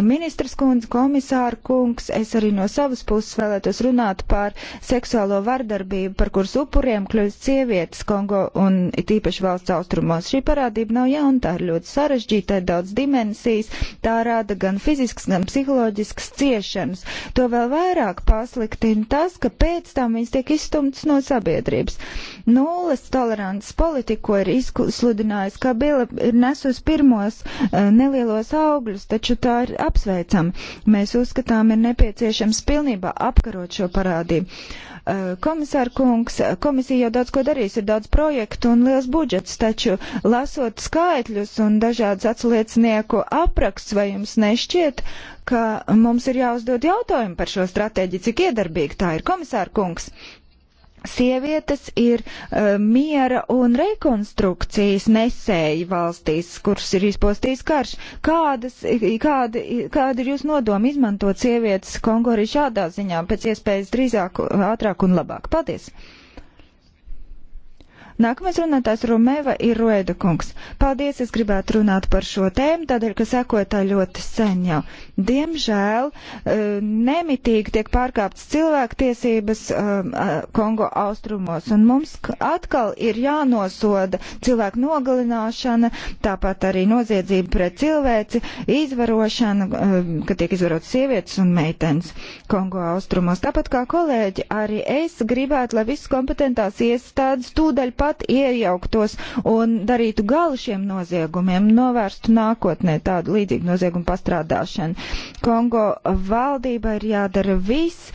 Ministrs kundze, komisāra kungs, es arī no savas puses vēlētos runāt par seksuālo vardarbību, par kuras upuriem kļūst sievietes Kongo un it īpaši valsts austrumos. Šī parādība nav jauna, tā ir ļoti sarežģīta, ir daudz dimensijas, tā rada gan fiziskas, gan psiholoģiskas ciešanas. To vēl vairāk pasliktina tas, ka pēc tam viņas tiek izstumtas no sabiedrības. Nulles tolerants politika, ko ir izsludinājusi Kabila, ir nesus pirmos uh, nelielos augļus, taču tā ir ir apsveicama. Mēs uzskatām, ir nepieciešams pilnībā apkarot šo parādību. Eh, komisāra kungs, komisija jau daudz ko darīs, ir daudz projektu un liels budžets, taču lasot skaitļus un dažādas atsliecinieku apraksts, vai jums nešķiet, ka mums ir jāuzdod jautājumu par šo stratēģiju, cik iedarbīga tā ir komisāra kungs? sievietes ir uh, miera un rekonstrukcijas nesēji valstīs, kuras ir izpostījis karš. Kādas, kādi, kādi ir jūs nodomi izmantot sievietes Kongo arī šādā ziņā pēc iespējas drīzāk, ātrāk un labāk? Paldies! Nākamais runātājs Romeva ir Roeda kungs. Paldies, es gribētu runāt par šo tēmu, tādēļ, ka sekoja tā ļoti sen jau. Diemžēl eh, nemitīgi tiek pārkāptas cilvēktiesības eh, eh, Kongo austrumos, un mums atkal ir jānosoda cilvēku nogalināšana, tāpat arī noziedzība pret cilvēci, izvarošana, ka tiek izvarotas sievietes un meitenes Kongo austrumos. Tāpat kā kolēģi, arī es gribētu, lai visas kompetentās iestādes tūdaļ pat klāt, iejauktos un darītu galu šiem noziegumiem, novērstu nākotnē tādu līdzīgu noziegumu pastrādāšanu. Kongo valdība ir jādara viss,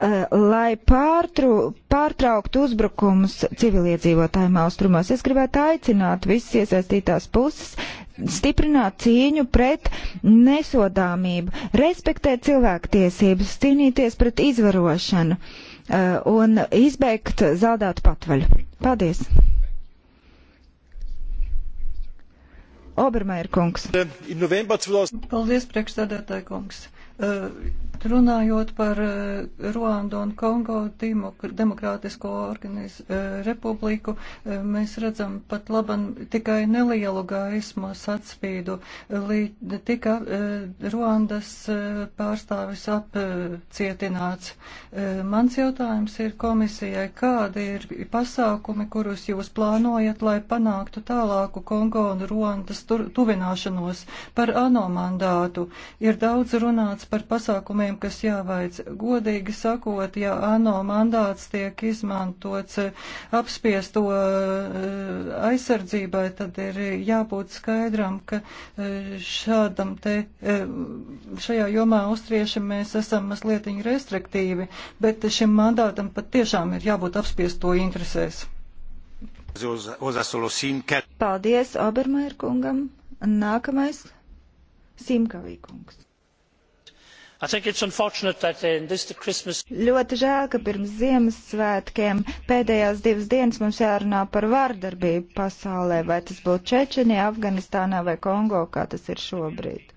eh, lai pārtru, pārtrauktu uzbrukumus civiliedzīvotājiem austrumos. Es gribētu aicināt visas iesaistītās puses stiprināt cīņu pret nesodāmību, respektēt cilvēktiesības, cīnīties pret izvarošanu. Uh, Eh, un izbeigt zaudētu patvaļu. Paldies! Obermeier kungs. Paldies, priekšstādātāja kungs. Eh, Runājot par eh, Ruandu un Kongo demokrātisko organiz, eh, republiku, eh, mēs redzam pat laban tikai nelielu gaismas atspīdu. Līd, tika Ruandas pārstāvis apcietināts. Mans jautājums ir komisijai, kādi ir pasākumi, kurus jūs plānojat, lai panāktu tālāku Kongo un Ruandas tuvināšanos par ANO mandātu? Ir daudz runāts par pasākumiem pasākumiem, kas jāveic. Godīgi sakot, ja ANO mandāts tiek izmantots apspiesto eh, aizsardzībai, tad ir jābūt skaidram, ka eh, šādam te, eh, šajā jomā austrieši mēs esam mazliet restriktīvi, bet šim mandātam pat tiešām ir jābūt apspiesto interesēs. Paldies Obermair kungam. Nākamais Simkavī kungs. Uh, Christmas... Ļoti žēl, ka pirms Ziemassvētkiem pēdējās divas dienas mums jārunā par vārdarbību pasaulē, vai tas būtu Čečenija, Afganistānā vai Kongo, kā tas ir šobrīd.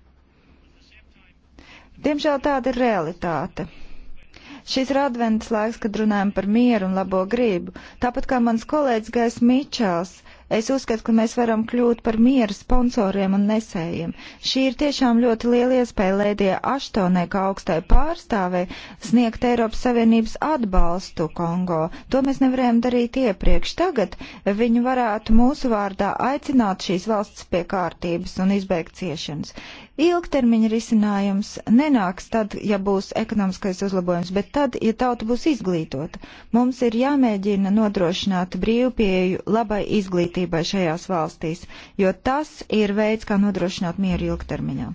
Diemžēl tāda ir realitāte. Šis ir adventas laiks, kad runājam par mieru un labo gribu. Tāpat kā mans kolēģis Gais Mičels, Es uzskatu, ka mēs varam kļūt par miera sponsoriem un nesējiem. Šī ir tiešām ļoti liela iespēja Lēdija Aštonē, kā augstai pārstāvei, sniegt Eiropas Savienības atbalstu Kongo. To mēs nevarējām darīt iepriekš. Tagad viņi varētu mūsu vārdā aicināt šīs valsts pie kārtības un izbeigt ciešanas. Ilgtermiņa risinājums nenāks tad, ja būs ekonomiskais uzlabojums, bet tad, ja tauta būs izglītota. Mums ir jāmēģina nodrošināt brīvpieju labai izglītībai šajās valstīs, jo tas ir veids, kā nodrošināt mieru ilgtermiņā.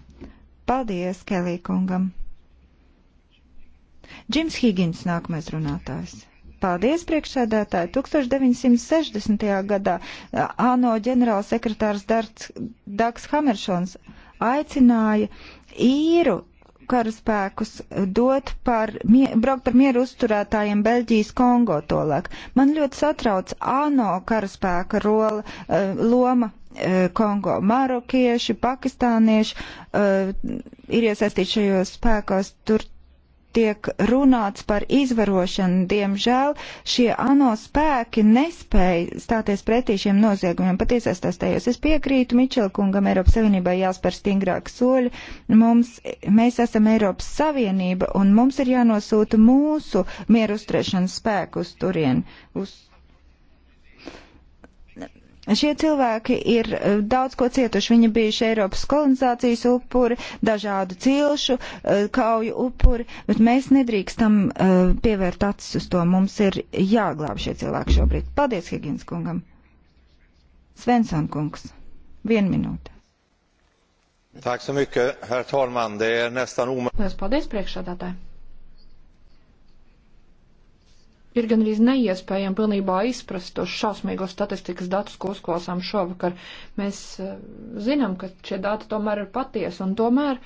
Paldies, Kelī kungam! Džims Higins nākamais runātājs. Paldies, priekšsēdētāji! 1960. gadā ANO ģenerālsekretārs Darts, Daks Hameršons aicināja īru karaspēkus dot par, braukt par mieru uzturētājiem Beļģijas Kongo tolāk. Man ļoti satrauc ANO karaspēka rola, eh, loma eh, Kongo. Marokieši, pakistānieši eh, ir iesaistīti šajos spēkos, tur tiek runāts par izvarošanu, diemžēl šie ANO spēki nespēja stāties pretī šiem noziegumiem, pat iesaistās Es piekrītu Mičela kungam, Eiropas Savienībai jāspēr stingrāk soļi. Mums, mēs esam Eiropas Savienība un mums ir jānosūta mūsu mieru uzturēšanas spēku uz turien, uz Šie cilvēki ir e, daudz ko cietuši. Viņi bijuši Eiropas kolonizācijas upuri, dažādu cilšu, e, kauju upuri, bet mēs nedrīkstam e, pievērt acis uz to. Mums ir jāglāb šie cilvēki šobrīd. Paldies, Higins kungam. Svensson kungs, viena minūte. Tack så mycket, herr talman. Det är nästan omöjligt. Paldies, priekšsādātāji. ir gan arī neiespējami pilnībā izprast tos šausmīgos statistikas datus, ko uzklausām šovakar. Mēs eh, zinām, ka šie dati tomēr ir patiesi, un tomēr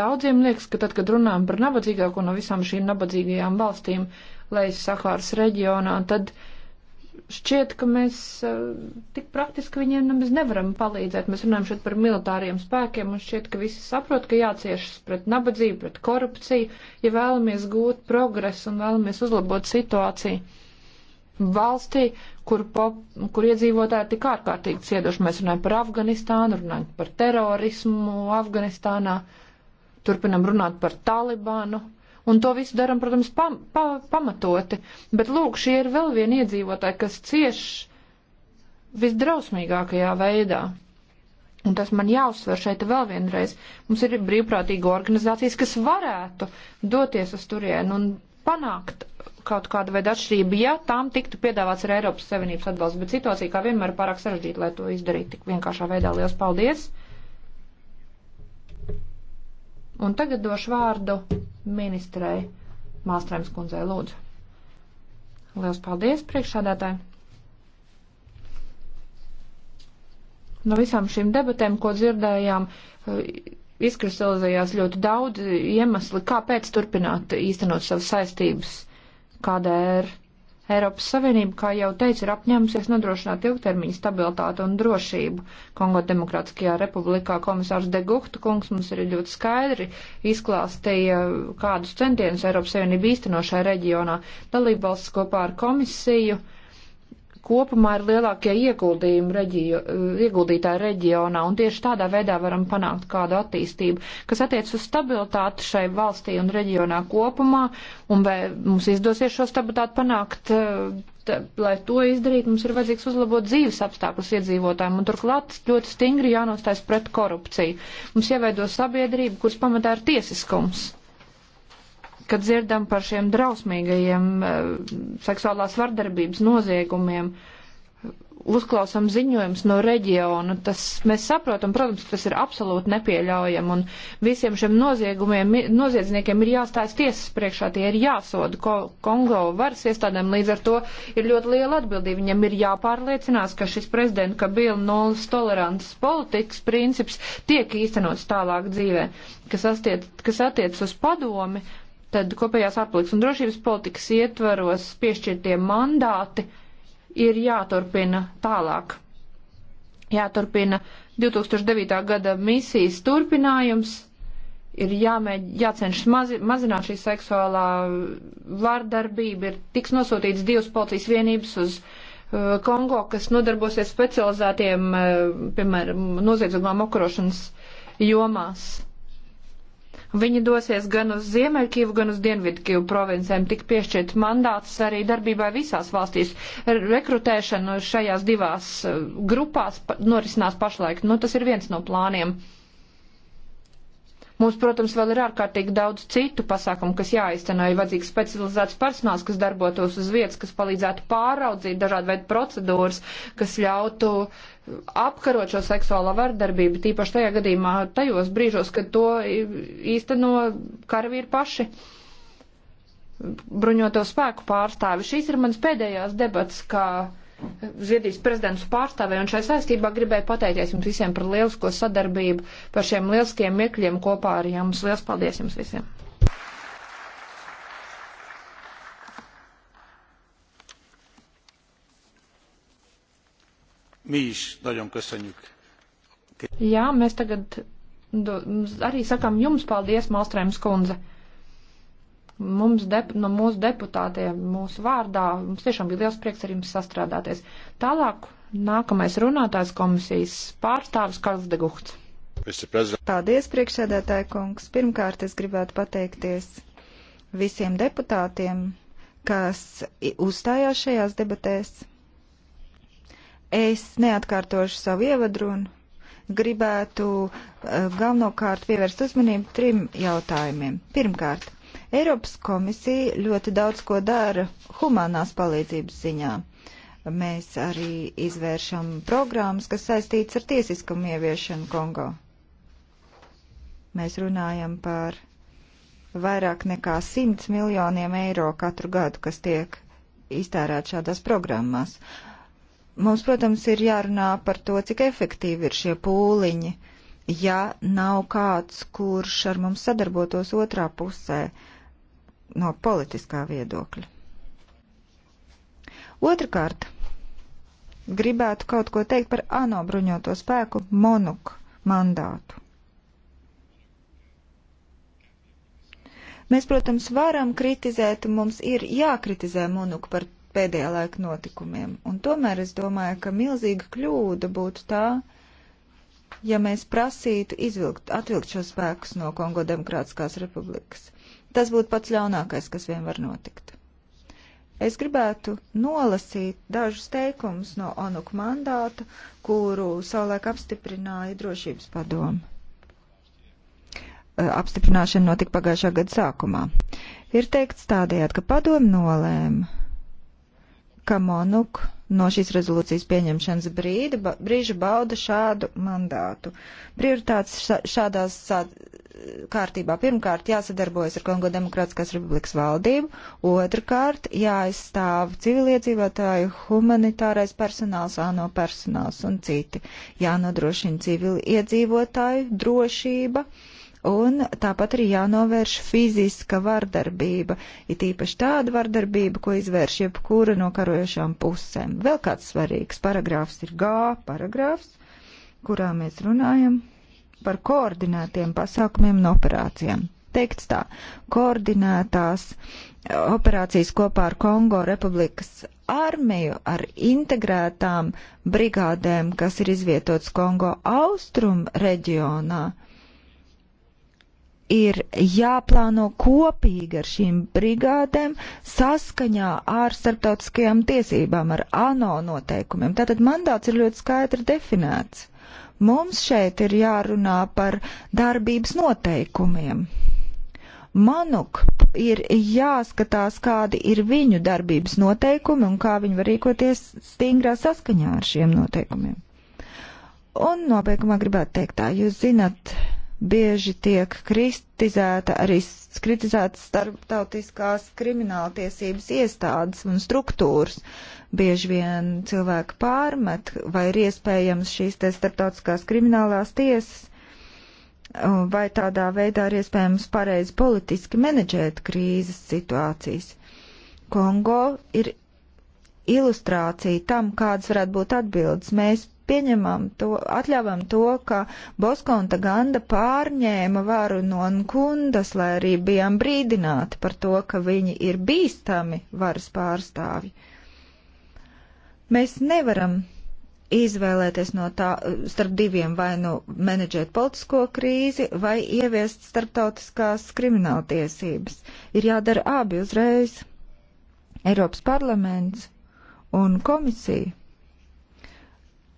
daudziem liekas, ka tad, kad runājam par nabadzīgāko no visām šīm nabadzīgajām valstīm, lai Sahāras reģionā, tad uh, šķiet, ka mēs eh, tik praktiski viņiem nemaz nevaram palīdzēt. Mēs runājam šeit par militāriem spēkiem un šķiet, ka visi saprot, ka jāciešas pret nabadzību, pret korupciju, ja vēlamies gūt progresu un vēlamies uzlabot situāciju. Valstī, kur, pop, kur iedzīvotāji ir tik ārkārtīgi cieduši, mēs runājam par Afganistānu, runājam par terorismu Afganistānā, turpinam runāt par Talibānu, Un to visu daram, protams, pam, pa, pamatoti. Bet lūk, šie ir vēl vieni iedzīvotāji, kas cieš visdrausmīgākajā veidā. Un tas man jāuzsver šeit vēl vienreiz. Mums ir brīvprātīga organizācijas, kas varētu doties uz turienu un panākt kaut kādu veidu atšķirību, ja tām tiktu piedāvāts ar Eiropas Savienības atbalsts. Bet situācija, kā vienmēr, ir pārāk sarežģīta, lai to izdarītu tik vienkāršā veidā. Lielas paldies! Un tagad došu vārdu ministrei Mālstrēms kundzei lūdzu. Liels paldies priekšsādātāji! No visām šīm debatēm, ko dzirdējām, eh, izkristalizējās ļoti daudz iemesli, kāpēc turpināt īstenot savas saistības, kādēļ ir Eiropas Savienība, kā jau teicu, ir apņēmusies nodrošināt ilgtermiņa stabilitāti un drošību. Kongo Demokrātiskajā republikā komisārs De Guhta kungs mums ir ļoti skaidri izklāstīja, kādus centienus Eiropas Savienība īsteno šajā reģionā. Dalībvalsts kopā ar komisiju uh, kopumā ir lielākie ieguldījumi reģio, eh, ieguldītāji reģionā, un tieši tādā veidā varam panākt kādu attīstību, kas attiec uz stabilitāti šai valstī un reģionā kopumā, un vai mums izdosies šo stabilitāti panākt, eh, tā, lai to izdarītu, mums ir vajadzīgs uzlabot dzīves apstākļus iedzīvotājiem, un turklāt ļoti stingri jānostājas pret korupciju. Mums jāveido sabiedrība, kuras pamatā ir tiesiskums kad dzirdam par šiem drausmīgajiem eh, seksuālās vardarbības noziegumiem, uzklausam ziņojums no reģiona, tas mēs saprotam, protams, tas ir absolūti nepieļaujam, un visiem šiem noziegumiem, noziedzniekiem ir jāstājas tiesas priekšā, tie ir jāsoda ko, Kongo varas iestādēm, līdz ar to ir ļoti liela atbildība, viņam ir jāpārliecinās, ka šis prezidenta Kabila nulles tolerants politikas princips tiek īstenots tālāk dzīvē, kas, attiec, kas attiec uz padomi, tad kopējās ārpolitikas un drošības politikas ietvaros piešķirtie mandāti ir jāturpina tālāk. Jāturpina 2009. gada misijas turpinājums, ir jāmēģ, jācenšas mazi, mazināt šī seksuālā vardarbība, ir tiks nosūtīts divas policijas vienības uz uh, Kongo, kas nodarbosies specializētiem, uh, piemēram, noziedzīgām okurošanas jomās Viņi dosies gan uz Ziemeļkīvu, gan uz Dienvidkīvu provincēm, tik piešķirt mandāts arī darbībai visās valstīs. Rekrutēšana šajās divās eh, grupās norisinās pašlaik. Nu, tas ir viens no plāniem. Mums, protams, vēl ir ārkārtīgi daudz citu pasākumu, kas jāizteno, ir vajadzīgs specializēts personāls, kas darbotos uz vietas, kas palīdzētu pāraudzīt dažādu veidu procedūras, kas ļautu uh, apkarot šo seksuālo vardarbību, tīpaši tajā gadījumā, tajos brīžos, kad to īsteno karavīri paši bruņoto spēku pārstāvi. Šīs ir mans pēdējās debats, kā Zviedrijas prezidents pārstāvē, un šai saistībā gribēju pateikties jums visiem par lielisko sadarbību, par šiem lieliskiem iekļiem kopā ar jums. Lielas paldies jums visiem! Mi is nagyon köszönjük. Jā, mēs tagad do, arī sakām jums paldies, Malstrēms kundze. Mums dep, no mūsu deputātiem, mūsu vārdā, mums tiešām bija liels prieks ar jums sastrādāties. Tālāk nākamais runātājs komisijas pārstāvis Karls Deguhts. Paldies, priekšsēdētāja kungs. Pirmkārt, es gribētu pateikties visiem deputātiem, kas uzstājās šajās debatēs Es neatkārtošu savu ievadrunu, gribētu eh, galvenokārt pievērst uzmanību trim jautājumiem. Pirmkārt, Eiropas komisija ļoti daudz ko dara humanās palīdzības ziņā. Mēs arī izvēršam programmas, kas saistīts ar tiesiskumu ieviešanu Kongo. Mēs runājam par vairāk nekā 100 miljoniem eiro katru gadu, kas tiek iztērēt šādās programmās. Uh, Mums, protams, ir jārunā par to, cik efektīvi ir šie pūliņi. Ja nav kāds, kurš ar mums sadarbotos otrā pusē no politiskā viedokļa. Otrakārt, gribētu kaut ko teikt par ANO bruņoto spēku monuku mandātu. Mēs, protams, varam kritizēt, mums ir jākritizē monuku par pēdējā laika notikumiem. Un tomēr es domāju, ka milzīga kļūda būtu tā, ja mēs prasītu izvilkt, atvilkt šos spēkus no Kongo Demokrātiskās republikas. Tas būtu pats ļaunākais, kas vien var notikt. Es gribētu nolasīt dažus teikumus no ONUK mandāta, kuru savulaik apstiprināja drošības padoma. Eh, apstiprināšana notika pagājušā gada sākumā. Ir teikts tādējādi, ka padoma nolēma ka Monuk no šīs rezolūcijas pieņemšanas brīdi, ba, brīža bauda šādu mandātu. Prioritātes šādās kārtībā pirmkārt jāsadarbojas ar Kongo Demokrātiskās Republikas valdību, otrkārt jāaizstāv civiliedzīvotāju humanitārais personāls, ANO personāls un citi. Jānodrošina civiliedzīvotāju drošība. Uh, un tāpat arī jānovērš fiziska vardarbība, it īpaši tāda vardarbība, ko izvērš jebkura no karojošām pusēm. Vēl kāds svarīgs paragrāfs ir G paragrāfs, kurā mēs runājam par koordinētiem pasākumiem un operācijām. Teikts tā, koordinētās eh, operācijas kopā ar Kongo Republikas armiju ar integrētām brigādēm, kas ir izvietotas Kongo austrum reģionā. Uh, ir jāplāno kopīgi ar šīm brigādēm saskaņā ar starptautiskajām tiesībām, ar ANO noteikumiem. Tātad mandāts ir ļoti skaidri definēts. Mums šeit ir jārunā par darbības noteikumiem. Manuk ir jāskatās, kādi ir viņu darbības noteikumi un kā viņi var rīkoties stingrā saskaņā ar šiem noteikumiem. Un nobeigumā gribētu teikt tā, jūs zinat, bieži tiek kritizēta arī kritizētas starptautiskās krimināla tiesības iestādes un struktūras. Bieži vien cilvēki pārmet, vai ir iespējams šīs te starptautiskās kriminālās tiesas, uh, vai tādā veidā ir iespējams pareizi politiski menedžēt krīzes situācijas. Kongo ir ilustrācija tam, kādas varētu būt atbildes. Mēs pieņemam to, atļaujam to, ka Boskonta Ganda pārņēma varu no Nkundas, lai arī bijām brīdināti par to, ka viņi ir bīstami varas pārstāvji. Mēs nevaram izvēlēties no tā starp diviem vai nu menedžēt politisko krīzi vai ieviest starptautiskās krimināltiesības. Ir jādara abi uzreiz. Eiropas parlaments un komisija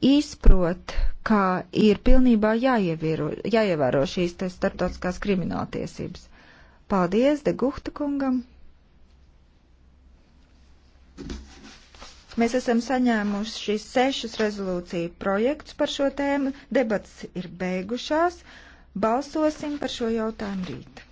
izprot, ka ir pilnībā jāieviero, jāievēro šīs te starptautiskās krimināltiesības. Paldies de Guhta kungam. Mēs esam saņēmuši šīs sešas rezolūciju projektus par šo tēmu. Debats ir beigušās. Balsosim par šo jautājumu rīt.